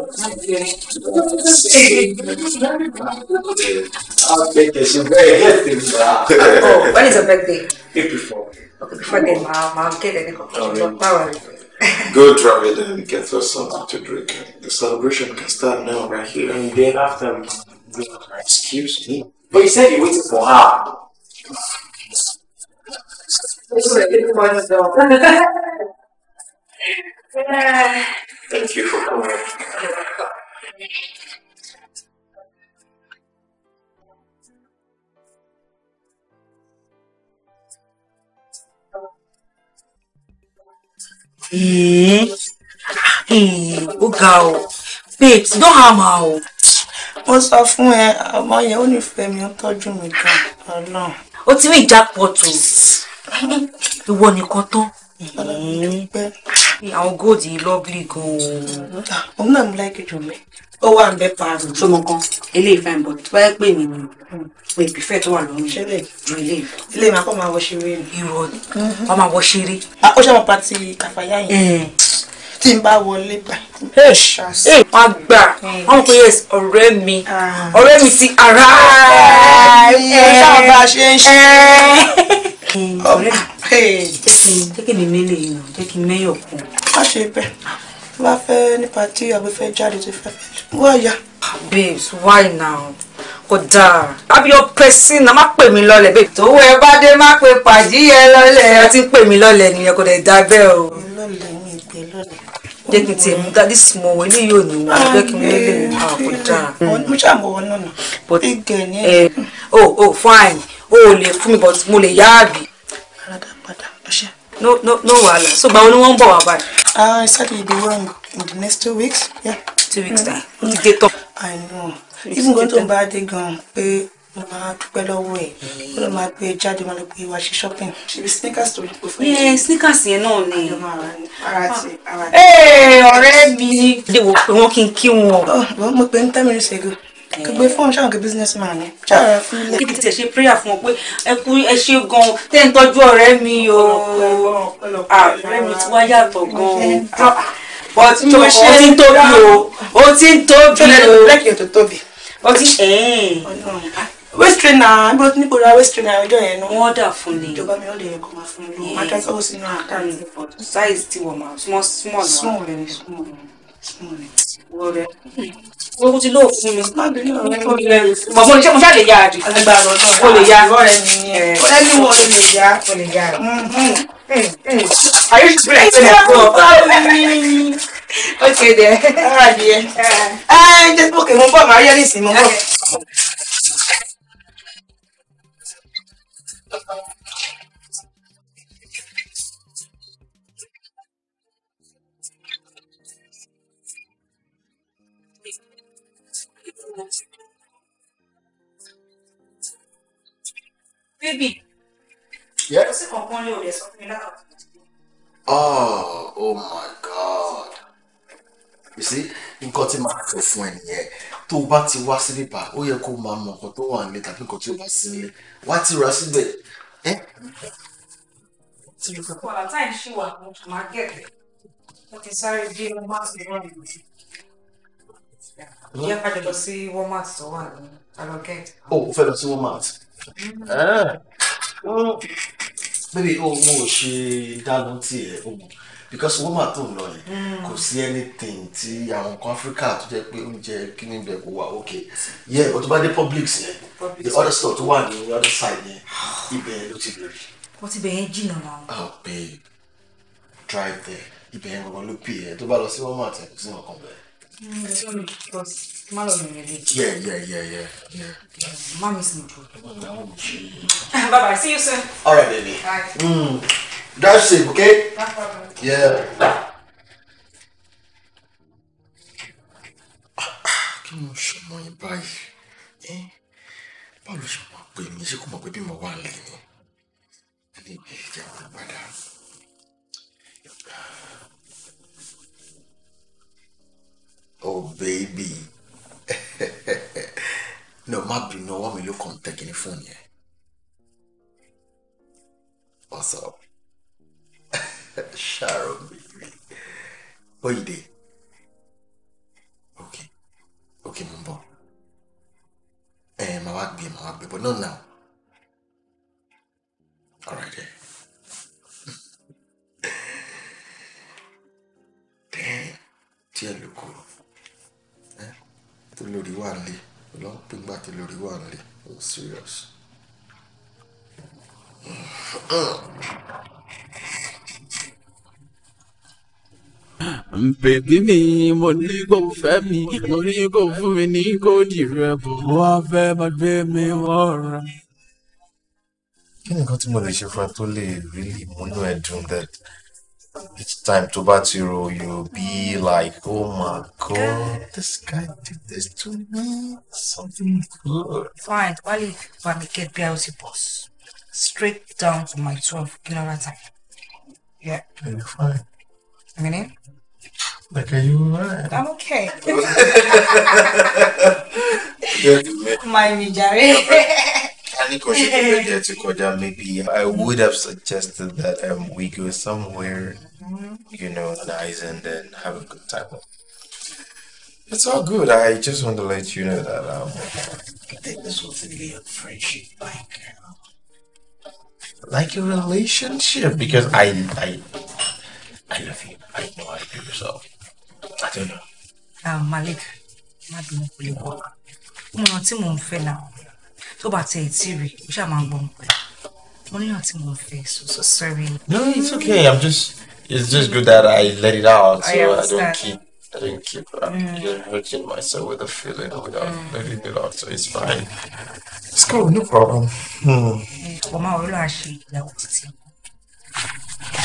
abẹ́kẹ̀ ṣe bẹ́ẹ̀ yẹ́sẹ̀ gbà. oh when is your birthday. april four. okay before then ma ma get any confusion don't worry. Good Ramadan, get us something to drink. The celebration can start now, right here. And then after. Excuse me. Persegue muito porrado. Isso aí pode não. Thank you for coming. Hum, hum, o Gal, Pix do ramal. mo sọ fún ẹ ọmọ yẹn ó nífẹ̀ẹ́ mi ó tọ́jú mi gan ọlọ́run. ó ti rí ìjápọ̀ tó ìwọ nìkan tán àwọn gold yìí lovely gan-an. Ah, òun náà mú láìkí jù mí ó wà ń bẹ paaro. sọmọ kan eléyìí fine but tó bá yẹ pé mi ni pé pífẹ́ tó wà lọ́rùn ju eléyìí. eléyìí máa kọ́ máa wọ ṣeré. irọ́ mm-hmm. máa máa wọ ṣeré. Ah, ó ṣe àwọn pati kàfáyà yẹn. Eh tí n bá wọlé bá. má gbà wọn pe yes ọ̀rẹ́ mi ah. ọ̀rẹ́ mi ti ara. ẹ ṣáà bá a ṣe ń ṣe. ọ̀rẹ́ mi jẹ́ kí mi mẹ́lẹ̀ yìí nà jẹ́ kí n mẹ́yọ̀ kù. má ṣe bẹ́ẹ̀ bá fẹ́ nípa tí àgbẹ̀fẹ́ jáde tó fẹ́ fẹ́ wá ya. babes why now kódà àbí ọpẹ sí na má pè mí lọ́lẹ̀ bẹẹ. tówó ẹ bá dé má pe pàdí yẹn lọ́lẹ̀ ẹ ti ń pè mí lọ́lẹ̀ nìyẹn kò dẹ̀ dá bẹ́ẹ̀ o jẹ́ kí n tiẹ̀ mú dádì sí mo wọ eléyìí ò ní wọ ah, jẹ́ kí n lé lè mú àwọn kò dára. Mm. mo wọn náà but ẹ o eh, o oh, oh, fine o ò lè fún mi but mo lè yá àbí. no no no wahala so gba wọn ni wọn ń bọ̀ wá báyìí. ah saturday dey wrong in the next two weeks. Yeah. two weeks mm. time. o ti dé tán. i know even go to bá dé gan-an ló máa dúpẹ́ lọ́wọ́ ẹ̀ ó lọ máa gbé e jáde máa lọ gbé wá ṣe shopping ṣe sneakers tó dìbò fún yẹn. sneakers yẹn náà ni. ara ti eh, mi. de wo pé wọ́n kí n kí wọn. Oh, mo pe n ten minutes ago kò gbé eh. fóònù ah, ṣáà kò business man ni. ṣáà fún mi. kí tètè ṣe prayer fún ọ pé ẹ kú ẹ ṣe gan-an tẹ́ ń tọ́jú mi o. Ah, ọ̀rẹ́ mi ti wá yàtọ̀ gan-an. Ah, but o ti ń tóbi o o ti ń tóbi o. ó ti ẹ̀ ẹ́. Eh waist trainer níbo níbo ra waist trainer ọjọ́ yẹn nu. wọ́n dà fún ni ìjọba mi ò lè kó máa fún mi lówó máa tẹ́sí owó sínú àkáǹtì size tí wọ́n máa small small small rẹ̀ small rẹ̀ wọ́n rẹ̀. owó ti lóò fún mi. má bínú ọ̀rẹ́ mi lè rí fún mi. mo mo ṣáà lè ya àdì. agbára ọ̀nà o lè ya ọ̀rẹ́ mi ni ẹ̀ ọ̀rẹ́ mi wọ́n lè ya o lè ya. ayé ti bẹ̀rẹ̀ sí ẹ̀ Okay there. All right, dear. Uh, just book it. Mo bọ̀ máa rí ẹ́ nísìnyí, mo bọ̀. Baby. Yes. Oh, ah, oh my God. You see, you got him sọ fún ẹ here. tó o bá ti wá sí nípa ó yẹ kó o máa mọ nǹkan tó wà nílé tàbí nǹkan tí o bá sí nílé wá ti ra síbẹ̀. wàhálà táyì ṣì wà ní lọ sí walmart tó wà ní alọ́gẹ́t. o ò fẹ́ o mo ṣe dáná tiẹ̀ o oh. mọ̀ because wọ́n máa tó ń lọ yìí kò sí anything ti àwọn kan Africa tó jẹ́ pé oúnjẹ kíní bẹ̀ kó wà ok yẹ o tó bá dé Publix yẹn the other store tó wà ní other side yẹn ibẹ̀ ló ti bẹ̀rẹ̀. wọ́n ti bẹ̀rẹ̀ jìnnà náà. oh babe drive there ibẹ̀ yẹn gbọ́n ló pè é tó bá lọ sí Walmart ẹ̀ kò sí nǹkan bẹ̀rẹ̀. Yeah, yeah, yeah, yeah, yeah. Mommy's Bye bye. See you soon. All right, baby. Bye. Mm. Drive safe, okay? Yeah. Kí ni mo ṣe mọ yín báyìí? Báwo ló ṣe máa pè mí? Ṣé kò mọ̀ pé bí mo wà lè ní? Ẹni ìgbé ìjà wọn padà. Oh baby. no, má bínú ọwọ́ mi ló kàn tẹ́kì ní fóònù yẹn. What's Sharon, baby. Where you dey? Okay. Okay, mo Eh, my wá be my wá be, but not now. All right, eh. Damn. Tiẹ̀ ló Eh? Tó lórí wà nílé. Lọ́n pín gbà tó lórí wà Oh, serious. Mm bèbí mi mo ní kó fẹ́ mi mo ní kó fún mi ní kó dìrẹ́ bò wá fẹ́ má gbé mi wọ́ra. kí nìkan tí mo lè ṣe fún ẹ tó lè really múnú ẹ dùn that each time tó bá ti ro you be like oh my god this guy did this to me something good. fine wálé bá mi get bí i ó ti straight down to my twelve kí ló Yeah. Very fine. I Like, are you alright? I'm okay. Mind Jerry. maybe I would have suggested that um, we go somewhere, you know, nice and then have a good time. It's all good. I just want to let you know that. Um, I think this was really a friendship, like, like a relationship, because I, I, I love you. I know I do. So àti ọ̀dọ̀. Ah, Malik má bínú kò lè bọ́ mo ràn tí mò ń fẹ́ náà tó bá tẹ ètí rí o ṣáà máa gbọ́ pẹ́ mo ní ràn mò ń fẹ́ so so sorry. No, it's okay. I'm just it's just good that I let it out so I, I don't keep. I don't keep hurting um, mm. myself with the feeling without um, mm. letting it out, so it's fine. It's cool, no problem. Hmm. Eh,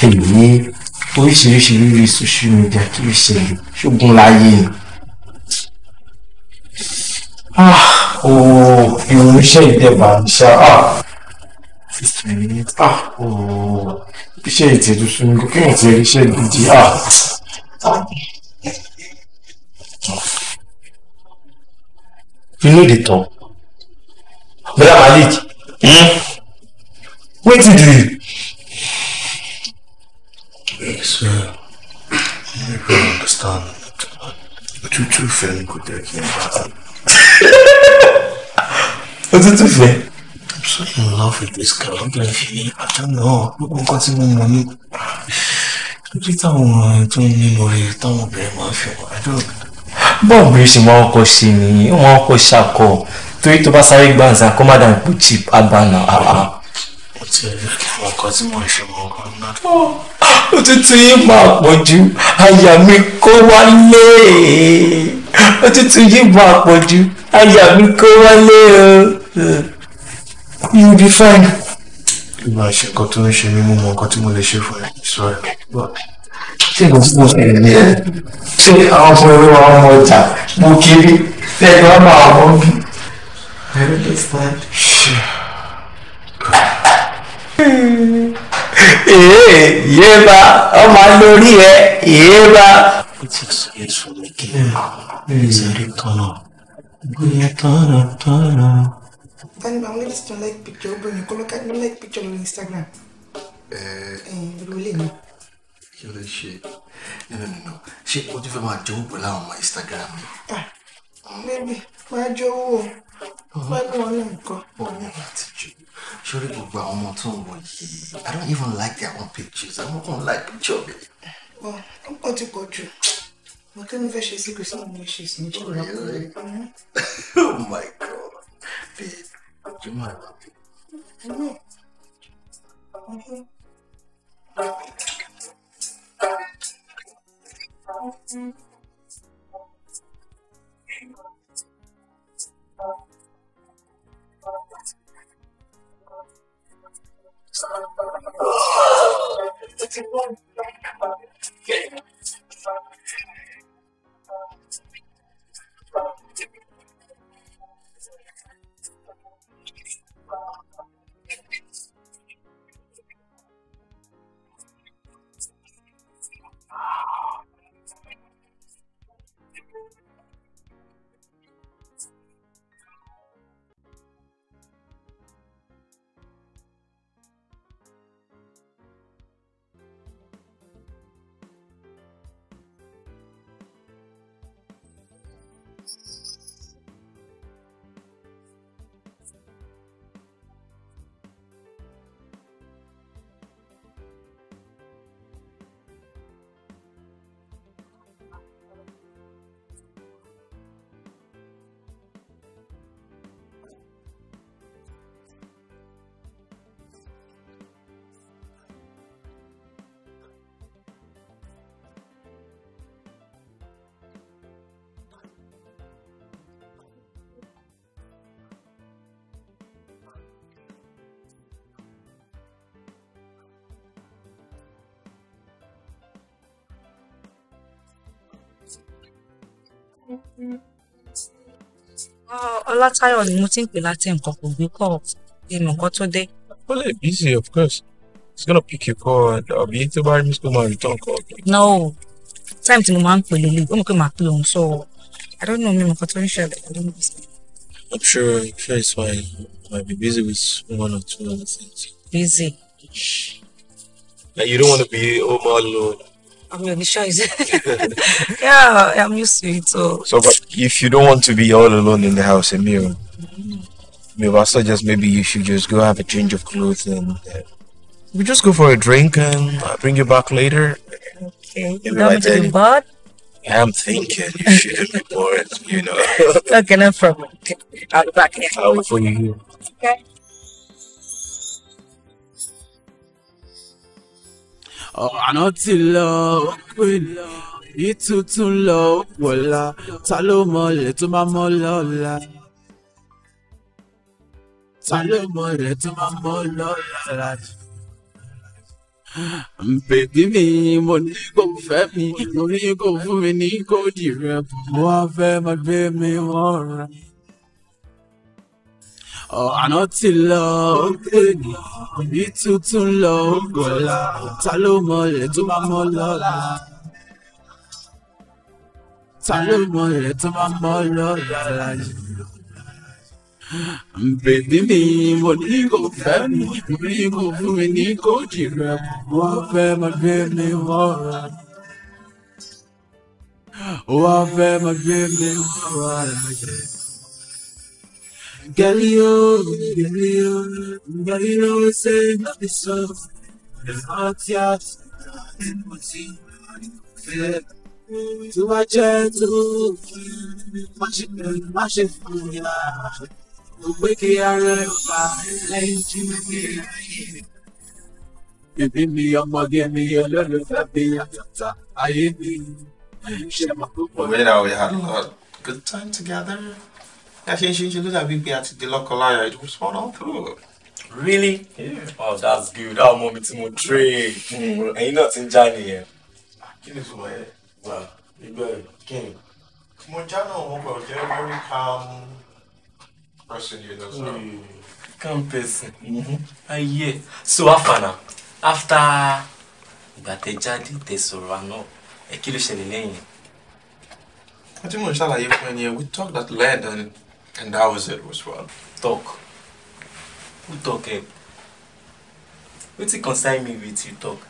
ẹ ní oríṣiríṣi rírì social media kì í ṣe ṣógun láyé ni. ooo ah, irun iṣẹ́ ìdẹ́gbà ń ṣá ooo ah, ah, iṣẹ́ ìtẹ̀jú sún mi kí n ti iṣẹ́ gidi. You know the Brother Malik, wetin do you? So, you can understand. Òtútù ìfẹ́ ni kò jẹ́ kí n bá a. Òtútù ìfẹ́. I'm so in love with this girl. I'm like, I don't know. Gbogbo nǹkan tí mo mọ̀ ní. Ojú táwọn ọmọ tó ń ní lórí táwọn obìnrin máa ń fi wà á dùn. Bọ́ọ̀ bí ṣe wọ́n kọ́ ṣe nìyí, wọ́n kọ́ ṣàkọ́. Torí tó bá sáré gbàǹsà, kó má chip abànà àbá ti mọ nǹkan tí mò ń ṣe mọ nǹkan náà. ó ti ti yín máa pọ̀ jù àyà mi kó wálé ó ti ti yín máa pọ̀ jù àyà mi kó wálé o you be fine. ìgbà ṣe nǹkan tó ń ṣe mí mú mọ nǹkan tí mo lè ṣe fún ẹ sọ̀rọ̀ ṣé nǹkan tí mo ṣe ní ẹ ṣé àwọn ọmọ ẹrọ àwọn ọmọ ọjà mo kiri lẹ́yìn wọn máa wọ́n bí. I understand. Sure ee yéèbá ọmọ lórí ẹ yéèbá. it is years for me kí ìsèré tọ̀nà gbóyè tọ̀nà tọ̀nà. tani bá wọn lè sọ like picture obìnrin kọ́ lọ́ka ló like picture lórí Instagram. ẹyin ìrọ̀lẹ́ mi. kí ló ń ṣe nínú nínú ṣé o ti fẹ́ máa jẹ́ òpè láwọn ọmọ Instagram mi. bẹ́ẹ̀ ni wàá jọ owó wàá lọ́wọ́ náà nǹkan. ọ̀nà àti jù sórí gbogbo àwọn ọmọ tó i don't even like their own pictures I don't even like picture mi. ọ ọ ti pọ̀ to. mo kí ni fẹ́ ṣe sí kristu mo ṣe sí ní jọba ọkùnrin. oh my god babe you ma love Mm-hmm. Thank Ọlátayọ̀ ni mo ti ń pè láti nǹkan kò gbé kọ́ ìmọ̀ nǹkan tó dé. Ó lè busy of course. He's gonna pick you call and àbí tó bá rí mi school máa return call. No, time tí mo máa ń pè lélẹ̀ ó mọ̀ pé màá pè òun so I don't know mi mọ̀ nǹkan tó ń ṣẹlẹ̀. I'm sure I'm sure it's why I might be busy with one or two other things. Busy. Like you don't want to be home all alone. I'm your Nisha, is it? yeah, I'm used to it. So. so, but if you don't want to be all alone in the house, Emil, maybe mm-hmm. I suggest maybe you should just go have a change of clothes and uh, we just go for a drink and I'll bring you back later. Okay, you want me to bad? I'm thinking you shouldn't be bored, you know. okay, no problem. I'll be back. I'll wait for you. Okay. àná ti lọ ó pè ní ìtútún lọ ó pọ̀la ta ló mọlẹ̀ tó máa mọ́ lọ́la. ta ló mọlẹ̀ tó máa mọ́ lọ́la. Bèbí mi, mo ní kò fẹ́ mi, mo ní kò fún mi ní kò dì rẹ̀, mo wá fẹ́ máa gbé mi wọ́n rẹ̀ ọ̀nà ti lọ ó gbègbè òbí tuntun lọ ó gbọ̀la ta ló mọlẹ̀ tó bá mọ́ lọ́la ta ló mọlẹ̀ tó bá mọ́ lọ́la láyé. Bèbí mi, mo ní kò fẹ́ mi, mo ní kò fún mi ní kò jì rẹ̀, wọ́n fẹ́ máa gbé mi wọ́ra. Wọ́n fẹ́ máa gbé mi wọ́ra láyé. Galileo, Galileo, Galileo said nothing soft. His heart's yacht, and was he to my gentle, watching, watching for ya. The wicked are by lane Give me a mug, me a little happy. I ain't me. We had a lot good time together. Actually, she ń ṣe ń ṣe ló dàbí pé a it was fun all through. really yeah. oh that's good àwọn ọmọ mi my mo train hmm, ẹ̀yin not in ń yet? nìyẹn. it ni ìtumọ̀ yẹn gbà gbígbẹ́ kí ni. mo já náà wọn pẹ̀lú jẹ́ very calm person you know. So. Mm. calm person. Mm-hmm. ayé so afana after ìgbà tẹ jáde tẹ sọ̀rọ̀ àná ẹ kí ló ṣẹlẹ̀ lẹ́yìn. wọ́n ti mọ̀ ń ṣàlàyé fún ẹ nìyẹn we talk that learn and. And that was it was what? Talk. Who talk eh? Wetin concern me with you talk?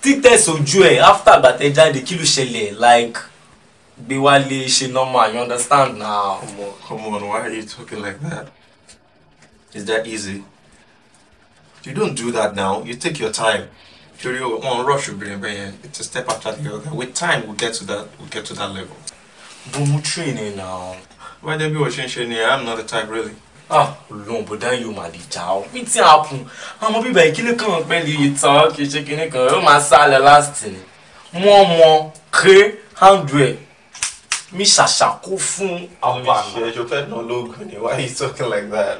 Tite sójú ẹ̀ after àgbàtẹ́ jáde kí ló ṣẹlẹ̀ like Gbéwálé she normal you understand now? Come on, come on, why are you talking like that? Is that easy? You don't do that now, you take your time. You wọn rush obìnrin bring yẹn, it's a step after the other. With time, we'll get to that, we'll get to that level. But training train now wọ́n jẹ́ bí wọ́n ṣe ń ṣe ni I not the type really. ah olóhùn bó dá yóò máa lè jà ọ́ bí tí a kù àwọn bíbá ìkíni kan pẹ́ lè tán kì í ṣe kíní kan yóò máa sálẹ̀ last ni wọ́n mọ ké handwell mi ṣàṣàkó fún àpàlà. mi ṣe ẹjọ fẹ́ náà lóògùn ni why you talking like that.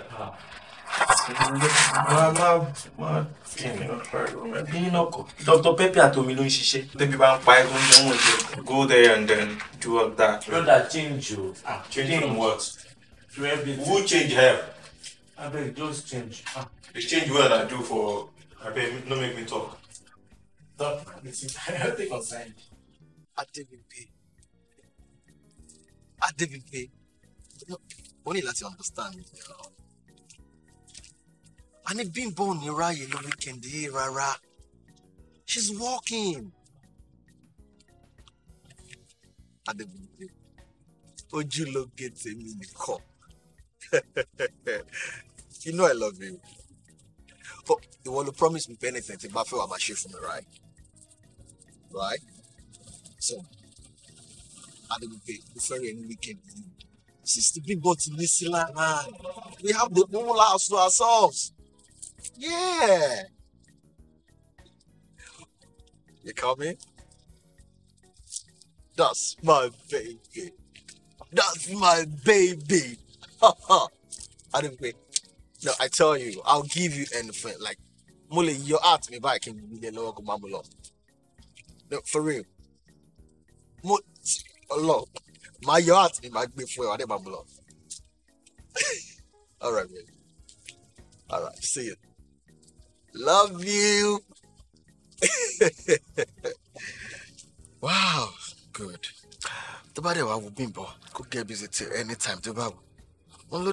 mama ah. mama kí ni bínú náà kọ Dr Pepe àtomi ló ń ṣiṣẹ́. tẹ́bí bá ń pa ẹ́ tó ń dánwò jẹ go there and then do all that. brother change o. ah change from what. to everything. who change help. abeg just change. ah. the change wey una do for abeg no make me talk. talk na wetin i no take concern. Adebimpe Adebimpe o ní láti understand. You a ní Bímbọ́ ò ní ráàyè ló weekend yìí rárá she's working adébíyẹ ojúlóge tèmi nìkan you know I love you but ìwọ ló promise me anything tí bá fẹ́ wà máa ṣe fún mi right right so adébíyẹ mo fẹ́ rí ẹni weekend yìí sixty Bímbọ́ ti ní sí man. we have the whole house to ourselves. Yeah. You coming? That's my baby. That's my baby. Ha ha. I do not care. No, I tell you, I'll give you anything. Like, Mule, you're at me, but I can be the lower Mamulo. No, for real. Mo, Allah, my yard, are might be my you, I did Mamulo. All right, man. All right, see you. Love you. wow, good. Tó bá dẹ̀ wá wo Could get busy till any time bá wù. Wọ́n ló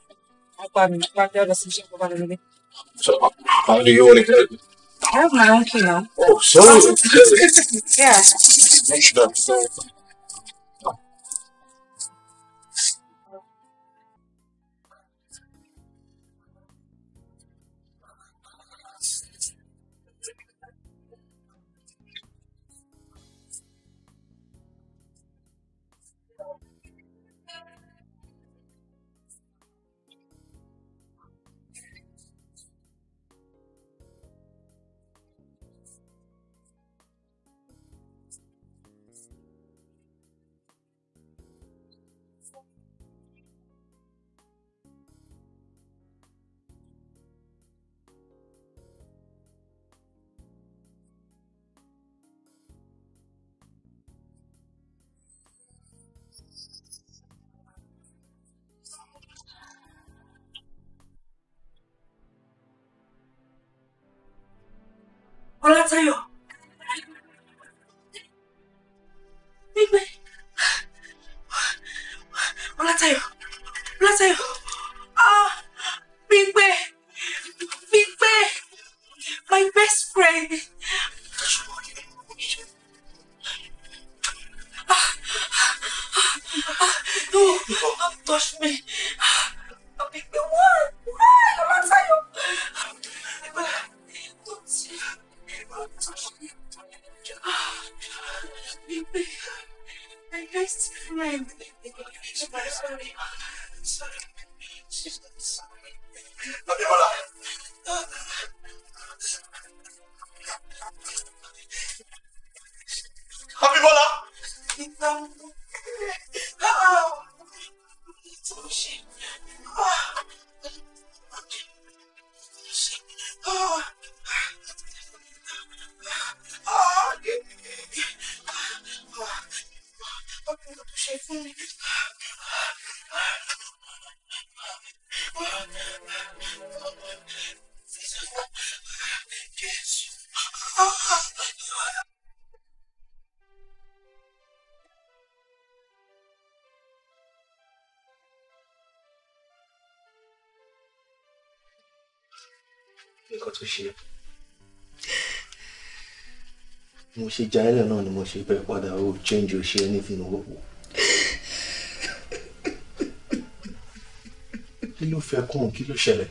requirement, granddad was some shit for one of So, how do you want to do I have my own key now. Oh, so? yeah. 我来猜哟。ṣe ja ẹlẹ náà ni mo ṣe bẹ padà o change o ṣe anything o. kí ló fẹ́ kún kí ló ṣẹlẹ̀.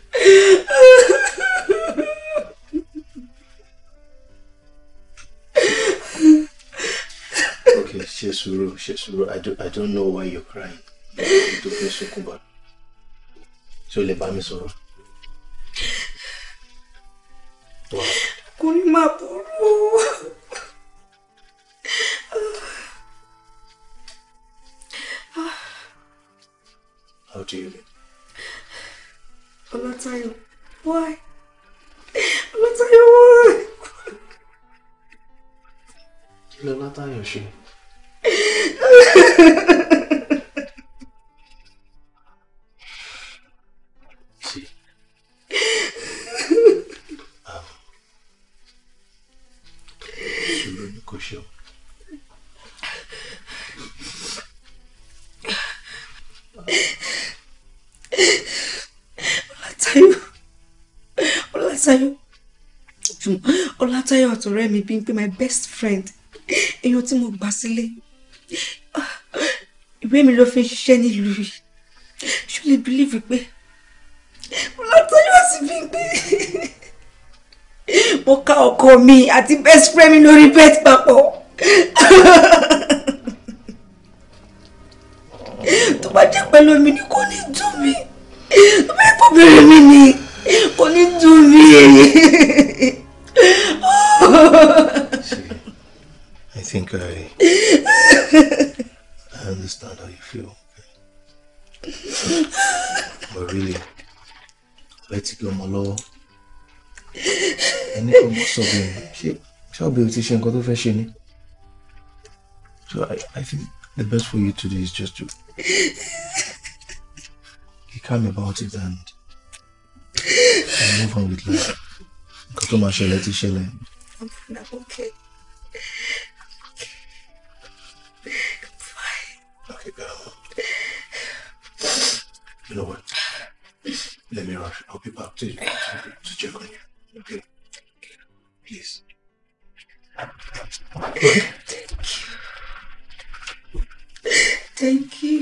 okay ṣe sùúrù ṣe sùúrù I, don't. I don't know why you're crying. ìdókòwò fẹ́ sunkún bá ṣé o lè bá mi sọ̀rọ̀. kò ní máa bọ̀. through ọ̀rẹ́ mi Bímpé my best friend èèyàn tí mo gbà sílé ìwé mi ló fi ń ṣiṣẹ́ nílùú yìí ṣó lè bílíìfù pé mo lọ tọ́jú àti Bímpé mo ká ọkọ mi àti best friend mi lórí bed papọ̀ tó bá jẹ́ pẹ̀lú mi ni kò ní dùn mí tó bá jẹ́ pẹ̀lú mi ni kò ní dùn mí. See, I think I, I understand how you feel. But really, let it go, my lord. Ẹni kan mọ́ sọ bí she'll be ọ̀bẹ ti ṣe go to fẹ́ So I, I think the best for you to do is just to be calm about it and, and move on with life. Nǹkan tó máa ṣẹlẹ̀ ti ṣẹlẹ̀. I'm, I'm okay. I'm okay. fine. Okay, girl. You know what? Let me rush. I'll be back to, you. to check on you. Okay? Please. Thank you. Thank you.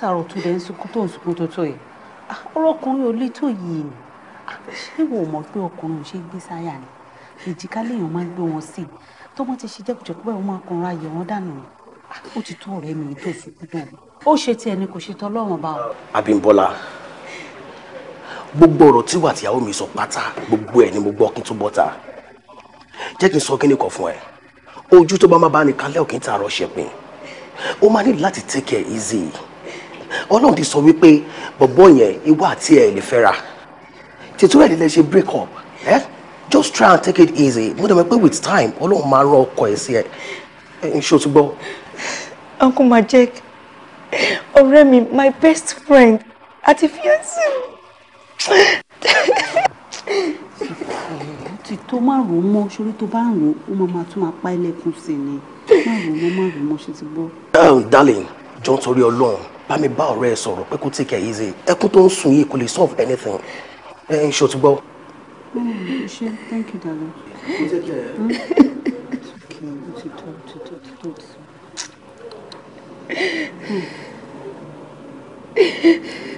látàrọ tó dé ń sunkún tó ń sunkún tó tó yìí ah, ọlọkùnrin ò lè tó yìí ni ah, ṣé ìwọ mọ̀ pé ọkùnrin ò ṣe gbé sáyà ni èjìká lèèyàn máa ń gbé wọn sí i tó wọn ti ṣe jẹkùjẹkù báyìí wọn máa kanra ayẹ wọn dànù ni ah, ó ti tó ọ̀rẹ́ mi tó sunkún tó ó ṣe tiẹ̀ ni kò ṣe tọ lọ́rùn bá wọn. Abímbọ́lá gbogbo ọ̀rọ̀ tí wà tíyàwó mi sọ pátá gbogbo ẹ̀ ni mo gbọ́ kí n tún bọ́ta jẹ́ kí n sọ kí ni fún ẹ ojú tó bá má bá ní kálẹ̀ ń tààrọ̀ ṣẹ̀pin ó máa ní láti take care easy ọlọ́run ti sọ wípé bọ̀bọ̀ yẹn ìwà àti ẹ̀ lè fẹ́ra tètè rẹ̀ lílẹ̀ ṣe break up eh? just try and take it easy mo dẹ̀ mọ̀ pé with time ọlọ́run máa rọ ọkọ ẹ̀ sí ẹ̀ ṣòtúgbọ́. uncle majek ọ̀rẹ́ mi my best friend àti fiancé ti tó má rò ó mọ́ sórí tó bá rò ó mo máa tún máa pa ẹlẹ́kùn sí ni má rò ó mọ́ má rò ó mọ́ ṣe ti gbọ́. Um, darling jọ ń torí ọlọ́run bá mi bá ọ̀rẹ́ ẹ sọ̀rọ̀ pé kó take it easy ẹkún tó ń sùn yìí kò lè solve anything ẹ ń ṣe òtún gbọ́. thank you darling.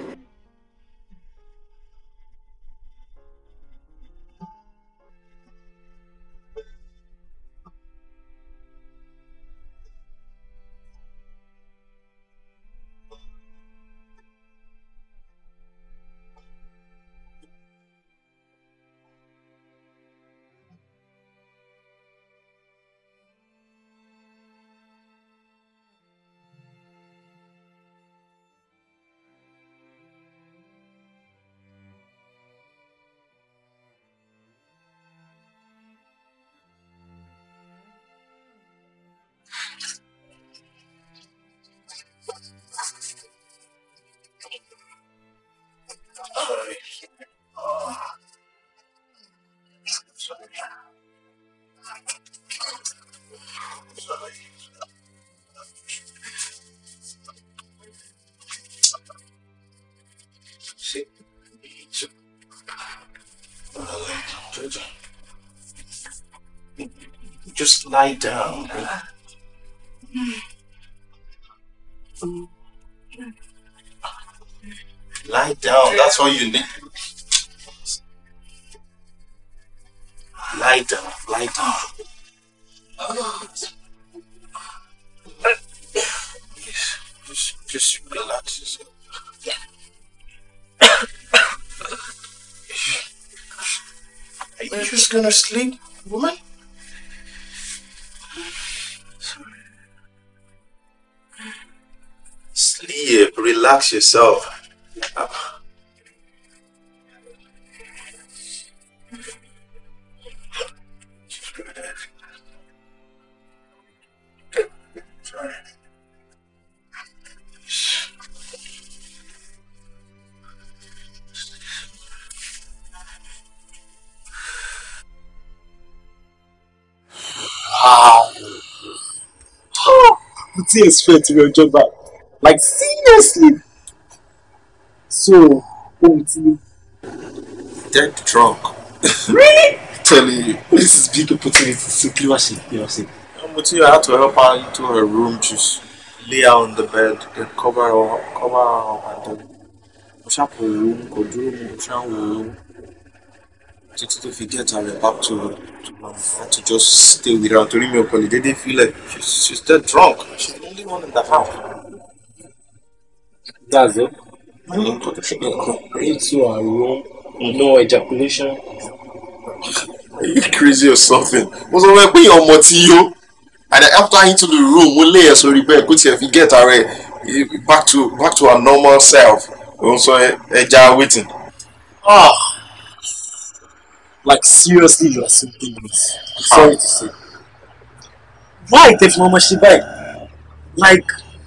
Just lie down. That's all you just, just relax yourself. Are you just gonna sleep, woman? Sorry. Sleep, relax yourself. tí expect rẹ ọjọ́ bá like seriously so ohun tí dead drunk. really. telling you this is big opportunity simply what she dey say. Mutu, I had to help her into her room just lay her on the bed then cover her up cover her up and then mo ṣàpò òun kò dúró mo ṣàwọn room. títí to fi get her back to to my to just stay with her torí mi ò kàn lè déédéé feel like she's she's dead drunk. She, drugi on dawał. That's it. Link to into a room. No ejaculation. Are you crazy or something? Mo sọ fún your pé ọmọ And after into the room, we lay so sórí bẹ́ẹ̀ kó tiẹ̀ get ara back to back to her normal self. Also, sọ ẹja waiting. Ah, like seriously you are something sorry to say. Why tẹ̀sí mọ́mọ́ ṣe back? like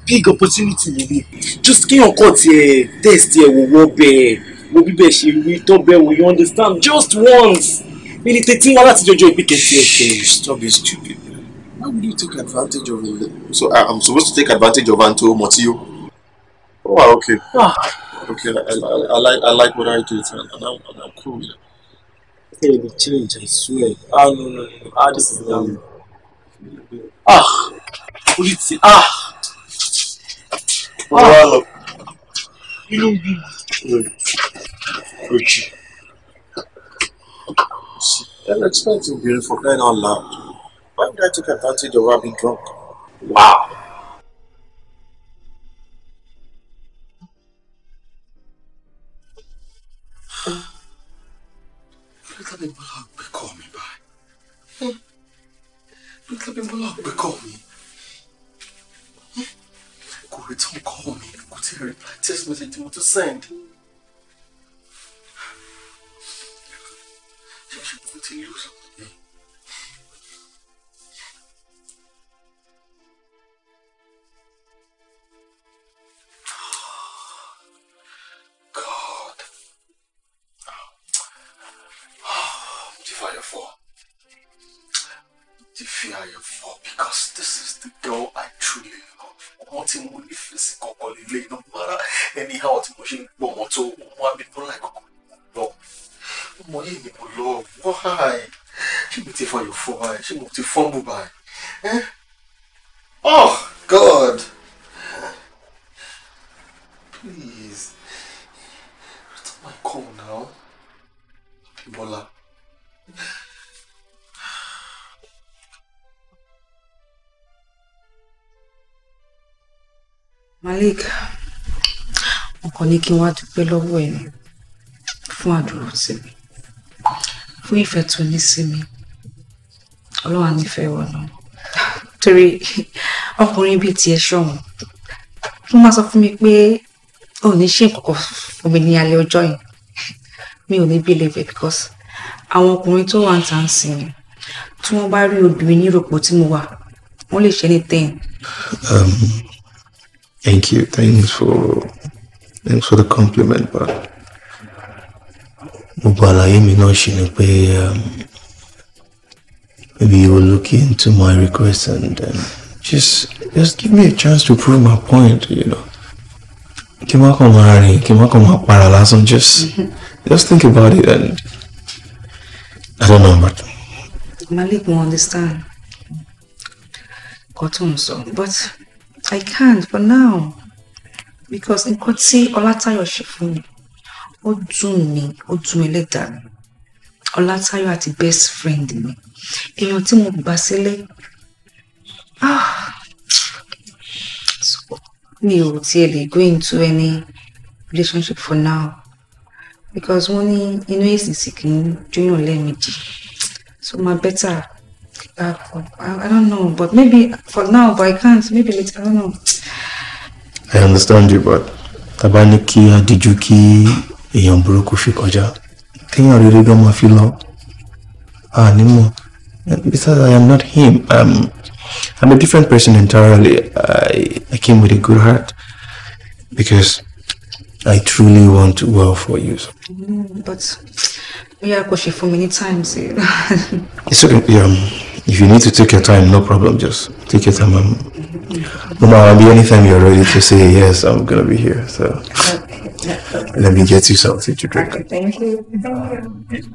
big opportunity níbí just kí ọkọ tiẹ̀ test ẹ̀ wò wọ́ bẹ́ẹ̀ wo bí bẹ́ẹ̀ ṣe rí tọ́ bẹ́ẹ̀ wò you understand just once mi ni tètè wá láti jọjọ ìbí tètè ẹ̀. stop being stupid how will you take advantage of me. so I, ah, i'm supposed to take advantage of anto motio. oh wow ah, okay ah. okay I, I, I like i like what i do and, and i'm and i'm cool with it. Hey, we change, I swear. Oh, no, no, no. I this is dumb. Ah, oríṣi ah mo wá lọ. inú bí mi. ojú then expect to be for crying out loud why would I take advantage of her being drunk wow. Bíkọ́ mi báyìí. Bíkọ́ mi bọ́lá call me kò return call me. kò tí ì reply text message tí mo to send. ṣé ṣe mo ti lose ọ̀pọ̀ yẹn. Sophia, you're for because this is the girl I truly love wọn tí mo nífẹ̀ẹ́ sí kọ̀ọ̀kan lílé iná mara ẹni àwọn tí mo ṣe ń gbọ́ ọmọ tó mú abidjan láì lọ ọmọ yìí ni mo lọ wáì ṣé mo ti fọyọ̀ fọ báyìí ṣé mo ti fọ́nbù báyìí oh god please return my call now Bola. Malik wọn kàn ní kí wọn á dúpẹ́ lọ́wọ́ ẹ fún àdúró tì mí fún ìfẹ́ tó ní sí mi Ọlọ́run á nífẹ̀ẹ́ wọn náà torí ọkùnrin bíi tiẹ̀ ṣọ̀wọ́n wọ́n máa sọ fún mi pé ò ní ṣe nǹkan fún mi ní alẹ́ ọjọ́ yìí mi ò ní believe it because àwọn ọkùnrin tó wà ń tà ń sìn yẹn tí wọ́n bá rí obìnrin níròpò tí mo wà wọ́n lè ṣe anything. Um, Thank you. Thanks for thanks for the compliment, but gbogbo àlàyé mi náà um, maybe you will look into my request and then just just give me a chance to prove my point, you know. Kí má kàn máa rìn, kí just just think about it and I don't know, but. Malik will understand. Kò tún but. I can't for now because nǹkan tí Ọlátayọ̀ ṣe fún mi ó dùn mí ó dùn mí lẹ́dàá Ọlátayọ̀ àti best friend mi èèyàn tí mo gbà sílé ah, mi ò tiẹ̀ lè go into any relationship for now because wọ́n ní inú èsì sì kì í jóyàn lẹ́ẹ̀mejì so ma better I, I don't know, but maybe for now, but I can't. Maybe later, I don't know. I understand you, but Tabaniki, Adijuki, èèyàn burúkú fi kọjá téèyàn rere gan máa fi lọ ànímọ̀ besides i am not him I'm, i'm a different person entirely I, i came with a good heart because i truly want well for you so. mm, but we are ṣe for many times. it's okay um, if you need to take your time, no problem. Just take your time. I'm, Mama, I'll be anytime you're ready to say yes. I'm gonna be here. So let me get you something to drink. Okay, thank you. Thank you.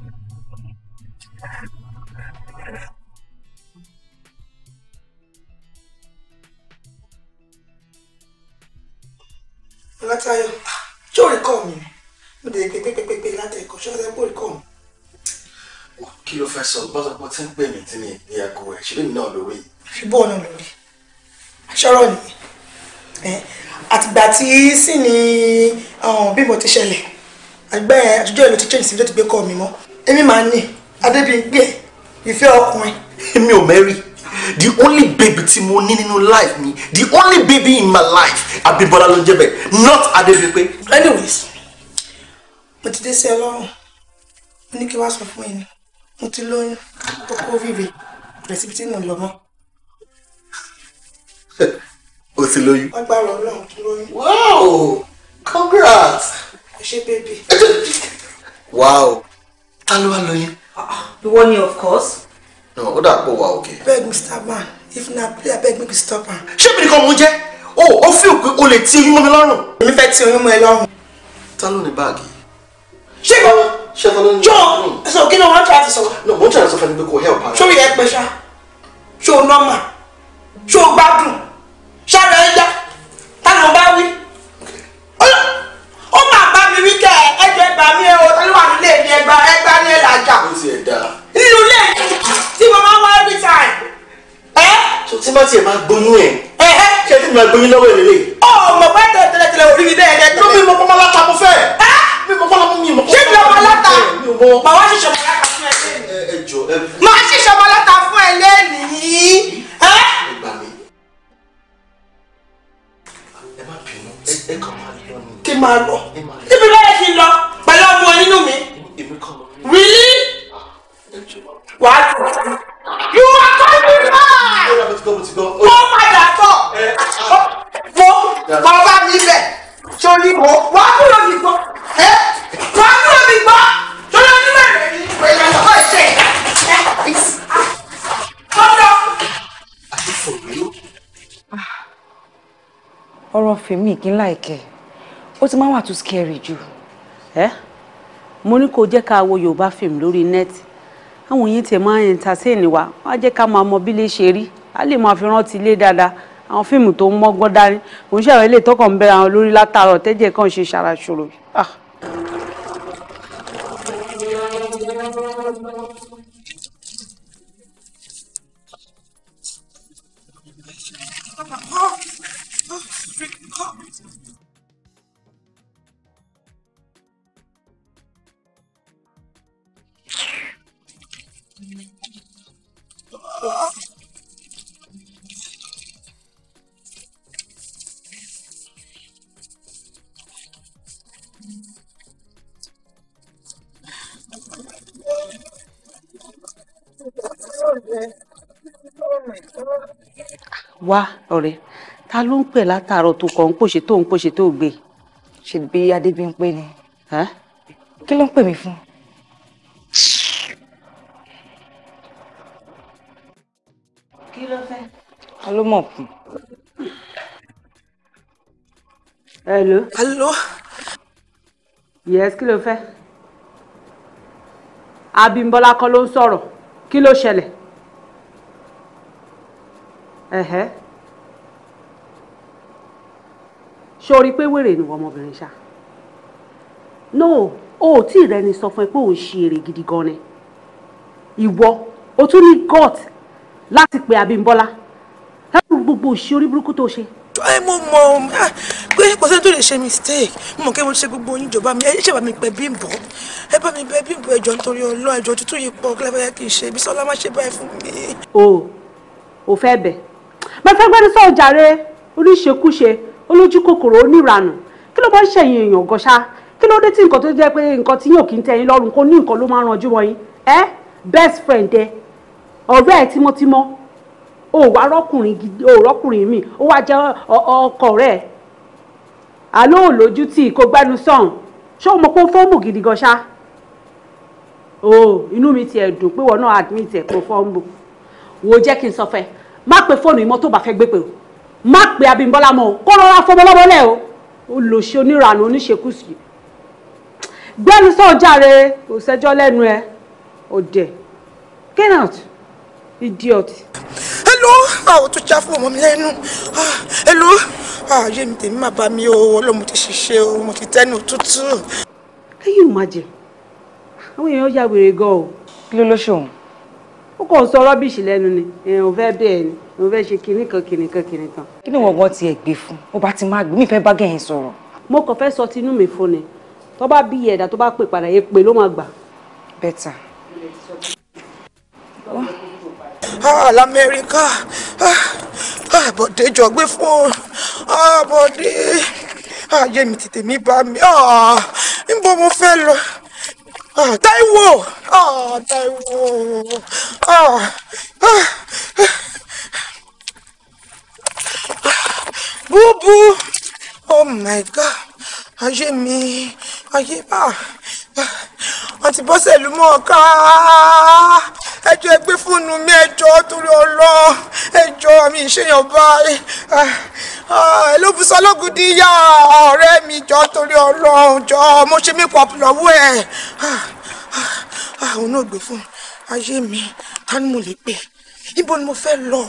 Ọlátayọ̀, ṣé o rí kí ló fẹ́ sọ bọ́sọ̀ pé tí ń pè mí tí ní ìyàgò ẹ̀ ṣe lèmi náà lórí. ṣùgbọ́n ọ̀nà lórí aṣọ́rọ̀ ni àtìgbà tí sì ni um, bímọ ti ṣẹlẹ̀ àgbẹ̀ àtijọ́ ìlú ti change sí ilé ti gbé kọ́ mi mọ́ èmi máa ń ní adébíyẹ ìfẹ́ ọkùnrin. èmi ò mẹ́rì the only baby tí mo ní nínú life mi the only baby in my life Abímbọ́lá ló ń jẹ́ bẹ́ẹ̀ not adébíyẹ. anyways mo ti dé sí ẹ lọ́rùn mo ní kí wàá sọ fún yín ni mo ti lóyún ó kó rírè rẹ̀ lọ mọ́. o ti lóyún. agbára Ọlọ́run ti lóyún. wow congrats. ẹ ṣe bébì. wow ta ló wá lóyún. Ah, ìwọ ni of course. no ó dà pọ̀ wá òkè. beg mr man if na play abeg make you stop am. ṣé mi nìkan mo jẹ́ o ò fi òpin o lè ti oyún mọ́ mi lọ́rùn. èmi fẹ́ ti oyún mọ́ ẹ lọ́rùn. ta ló ní báàgì. ṣé ìwọ ṣẹ́fọ́ ló ń jọ ẹsẹ̀ chance náà wọ́n tún àti sọ̀rọ̀. no mo ń tún àti sọ̀rọ̀ ni pé kò help show sórí ẹ pẹ ṣá ṣó o nọ́mà ṣó o gbádùn ṣáà rẹ̀ ń yá táwọn bá wí. ó máa bá mi wí kẹ́ ẹ ẹjọ́ ẹgbà mi ẹ o tẹ́lẹ̀ wà nílé mi ẹgbà ẹgbà ní ẹ̀là àjà. nínú ilé tí mo máa ń wá every time. ẹ. tí bá tiẹ̀ máa gbóyún ẹ̀. ṣé tí mo máa gbóyún lọ́wọ́ ẹ̀ lélẹ̀. ọ̀ mọ̀ bá tẹ̀lé tẹ̀lé orí mi bẹ́ẹ̀ mi kò fọlọ́ fún mi mọ̀. ṣé mi ò mọ lọ́ta mà wá ṣiṣọ́ mọ lọ́ta fún ẹ lẹ́nu. mà á ṣiṣọ́ mọ lọ́ta fún ẹ lẹ́nu yìí. ẹ gbà mí ẹ má bínú ẹ kàn máa lọ ni. kí máa lọ ibi lọ́yẹ̀ kí n lọ pẹ̀lú ọmọ nínú mi. wíì wà á tún tún. you are coming back. Ah, ah. mo padà tọ̀ mo bàbá mi bẹ̀ sórí mo wà á kúrò nìkan ọ̀rọ̀ fèmí kí n láìkẹ́ ó ti máa wà too scary jù. ẹ mo ní kó jẹ́ ká wo yorùbá fíìmù lórí nẹ́ẹ̀tì àwọn yẹn tiẹ̀ máa ń entertain wa wọ́n á jẹ́ ká máa mọ bí lè ṣe rí a lè máa fi rántí ilé dáadáa àwọn fíìmù tó ń mọ́gbọ́n dání kò ń ṣàwọn ilé tọkàn ń bẹ̀rẹ̀ àwọn olórí látàárọ̀ tẹ́jẹ̀ kan ṣe ṣàràṣòro. Oh. Ah. wá ọ̀rẹ́ ta ló ń pè látàárọ̀ tó kọ ń pòṣe tó ń pòṣe tó gbé. ṣèbí adébíyànpé ni kí ló ń pè mí fún. kí ló fẹ́. a ló mọ̀ kù. hello. hello. yes kí ló fẹ́. Abímbọ́lá kọ́ ló ń sọ̀rọ̀ kí ló ṣẹlẹ̀ ẹ̀hẹ́ ṣé o rí i pé wèrè ni ọmọbìnrin ṣá no o ò tí ì rẹni sọ fún ẹ pé òun ṣe èrè gidi gan ni ìwọ o tún ní gut láti pe Abímbọ́lá láti gbogbo òṣì orí burúkú tó ṣe ẹ mo mọ ah, pé kò sẹ́ni tó lè ṣe mistake mo mọ̀ kí mo ṣe gbogbo yín jọba mi ẹ ṣe bá mi pẹ́ Bímbọ́ ẹ bá mi bẹ̀ Bímbọ́ ẹjọ́ nítorí ọlọ́ ẹjọ́ tuntun yìí pọ̀ kí lẹ́fẹ̀ẹ́ kì í ṣe ibi sọ́lá má ṣe báyìí fún mi. o ò fẹ́ bẹ̀ mo fẹ́ gbẹ́ni sọ jàre oríṣekúṣe olójú kòkòrò oníranù kí ló bá ń ṣẹ̀yìn èèyàn gọ́ṣá kí ló dé tí nǹkan tó jẹ́ pé nǹkan tí yóò kí ń tẹ́yìn lọ́rùn kó ní nǹkan ló máa ń ranjú wọ́n yín ẹ́ best friend ẹ ọ̀rẹ́ ẹ tímọ́tímọ́ o wá rọ́kùnrin gidi o rọ́kùnrin mi ó wá jẹ́ ọkọ rẹ̀ àlọ́ òlójú tì kó gbẹ́nu sọ̀hún ṣé o mọ̀ pé o gidi gan ṣá o inú mi tiẹ̀ dùn pé wọn náà admit ẹ̀ kó fọ́ọ̀mù wo jẹ́ kí n sọ fẹ́ má pe fóònù ìmọ̀ tó bá fẹ́ gbé pé o má pe Abímbọ́lá mọ́ o kó rọra fọmọlọ́mọlẹ́ o ó lò ṣe oníranú oníṣekúṣe gbẹ́nu sọ̀hún jàre kò sẹ́jọ́ lẹ́nu ẹ̀ òdẹ̀ kenneth idiot àwọn tó jáfó ọmọ mi lẹ́nu ẹlú ah, ah, ayé mi tèmi má bá mi o ọlọ́mọ ti ṣiṣẹ́ o mo ti tẹ́nu tútù. Can you imagine? àwọn èèyàn ya wèrè gan o. kí ló ló ṣòun. ó kàn sọ rọ́bìṣì lẹ́nu ni èèyàn fẹ́ bẹ́ẹ̀ ni èèyàn fẹ́ ṣe kinní kan kinní kan kinní kan. kí ni wọ̀ngàn tiẹ̀ gbé fún ó bá ti máa gbé mi fẹ́ bá gẹ̀yìn sọ̀rọ̀. mo kàn fẹ́ sọ tinú mi fún ni tó bá bí ẹ̀dá tó bá pè padà èpè ló máa gbà. bẹ́tà ah, lamẹ́ríkà àbọ̀dé ah, ah, jọ gbé fún àbọ̀dé ah, ayé mi tètè mi bá mi níbo mo fẹ́ lọ Táíwò Táíwò búbú oh my god ayé mi ayé bá wọn ti bọ́ sẹ́lú mọ́ ọ̀ká ẹjọ́ ẹgbẹ́ fóònù mi ẹjọ́ torí ọlọ́ ẹjọ́ mi ìṣèyàn báyìí ah, lóbùsọ lọ́gùdì yá ọ̀rẹ́ mi jọ torí ọlọ́ jọ mo ṣe mí pọ̀ lọ́wọ́ ẹ̀ àwọn ah, ah, náà gbé fún ayé mi ta ni mo lè pè ibo ni mo fẹ́ lọ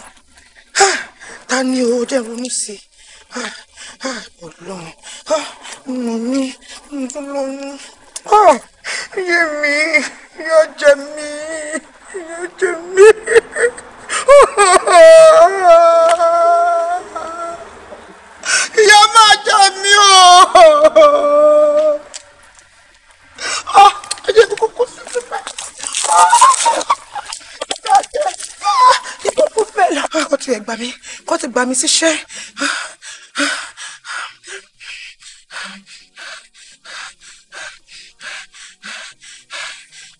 ta ni o jẹ́ ronú sí ọlọ́run mo ní mo lóyún yé mi yóò jẹ mí yóò jẹ mí. ìyá máa jẹ mí o. ẹ̀jẹ̀ mi kúkú sí mi bẹ́ẹ̀. ìkókó bẹ́ẹ̀ la. kó tiẹ̀ gbà mí kó ti gbà mí síṣẹ́.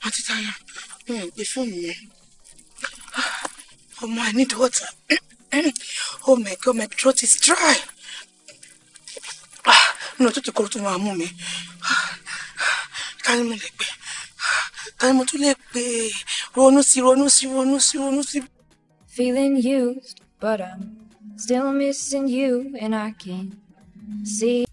àti táyà wọn ò gbé fóònù Oh my, i need water oh my god my throat is dry ah, nínú to call tó my mommy. mi kárí mo lè gbé kárí feeling used but I'm still missing you and I can't see.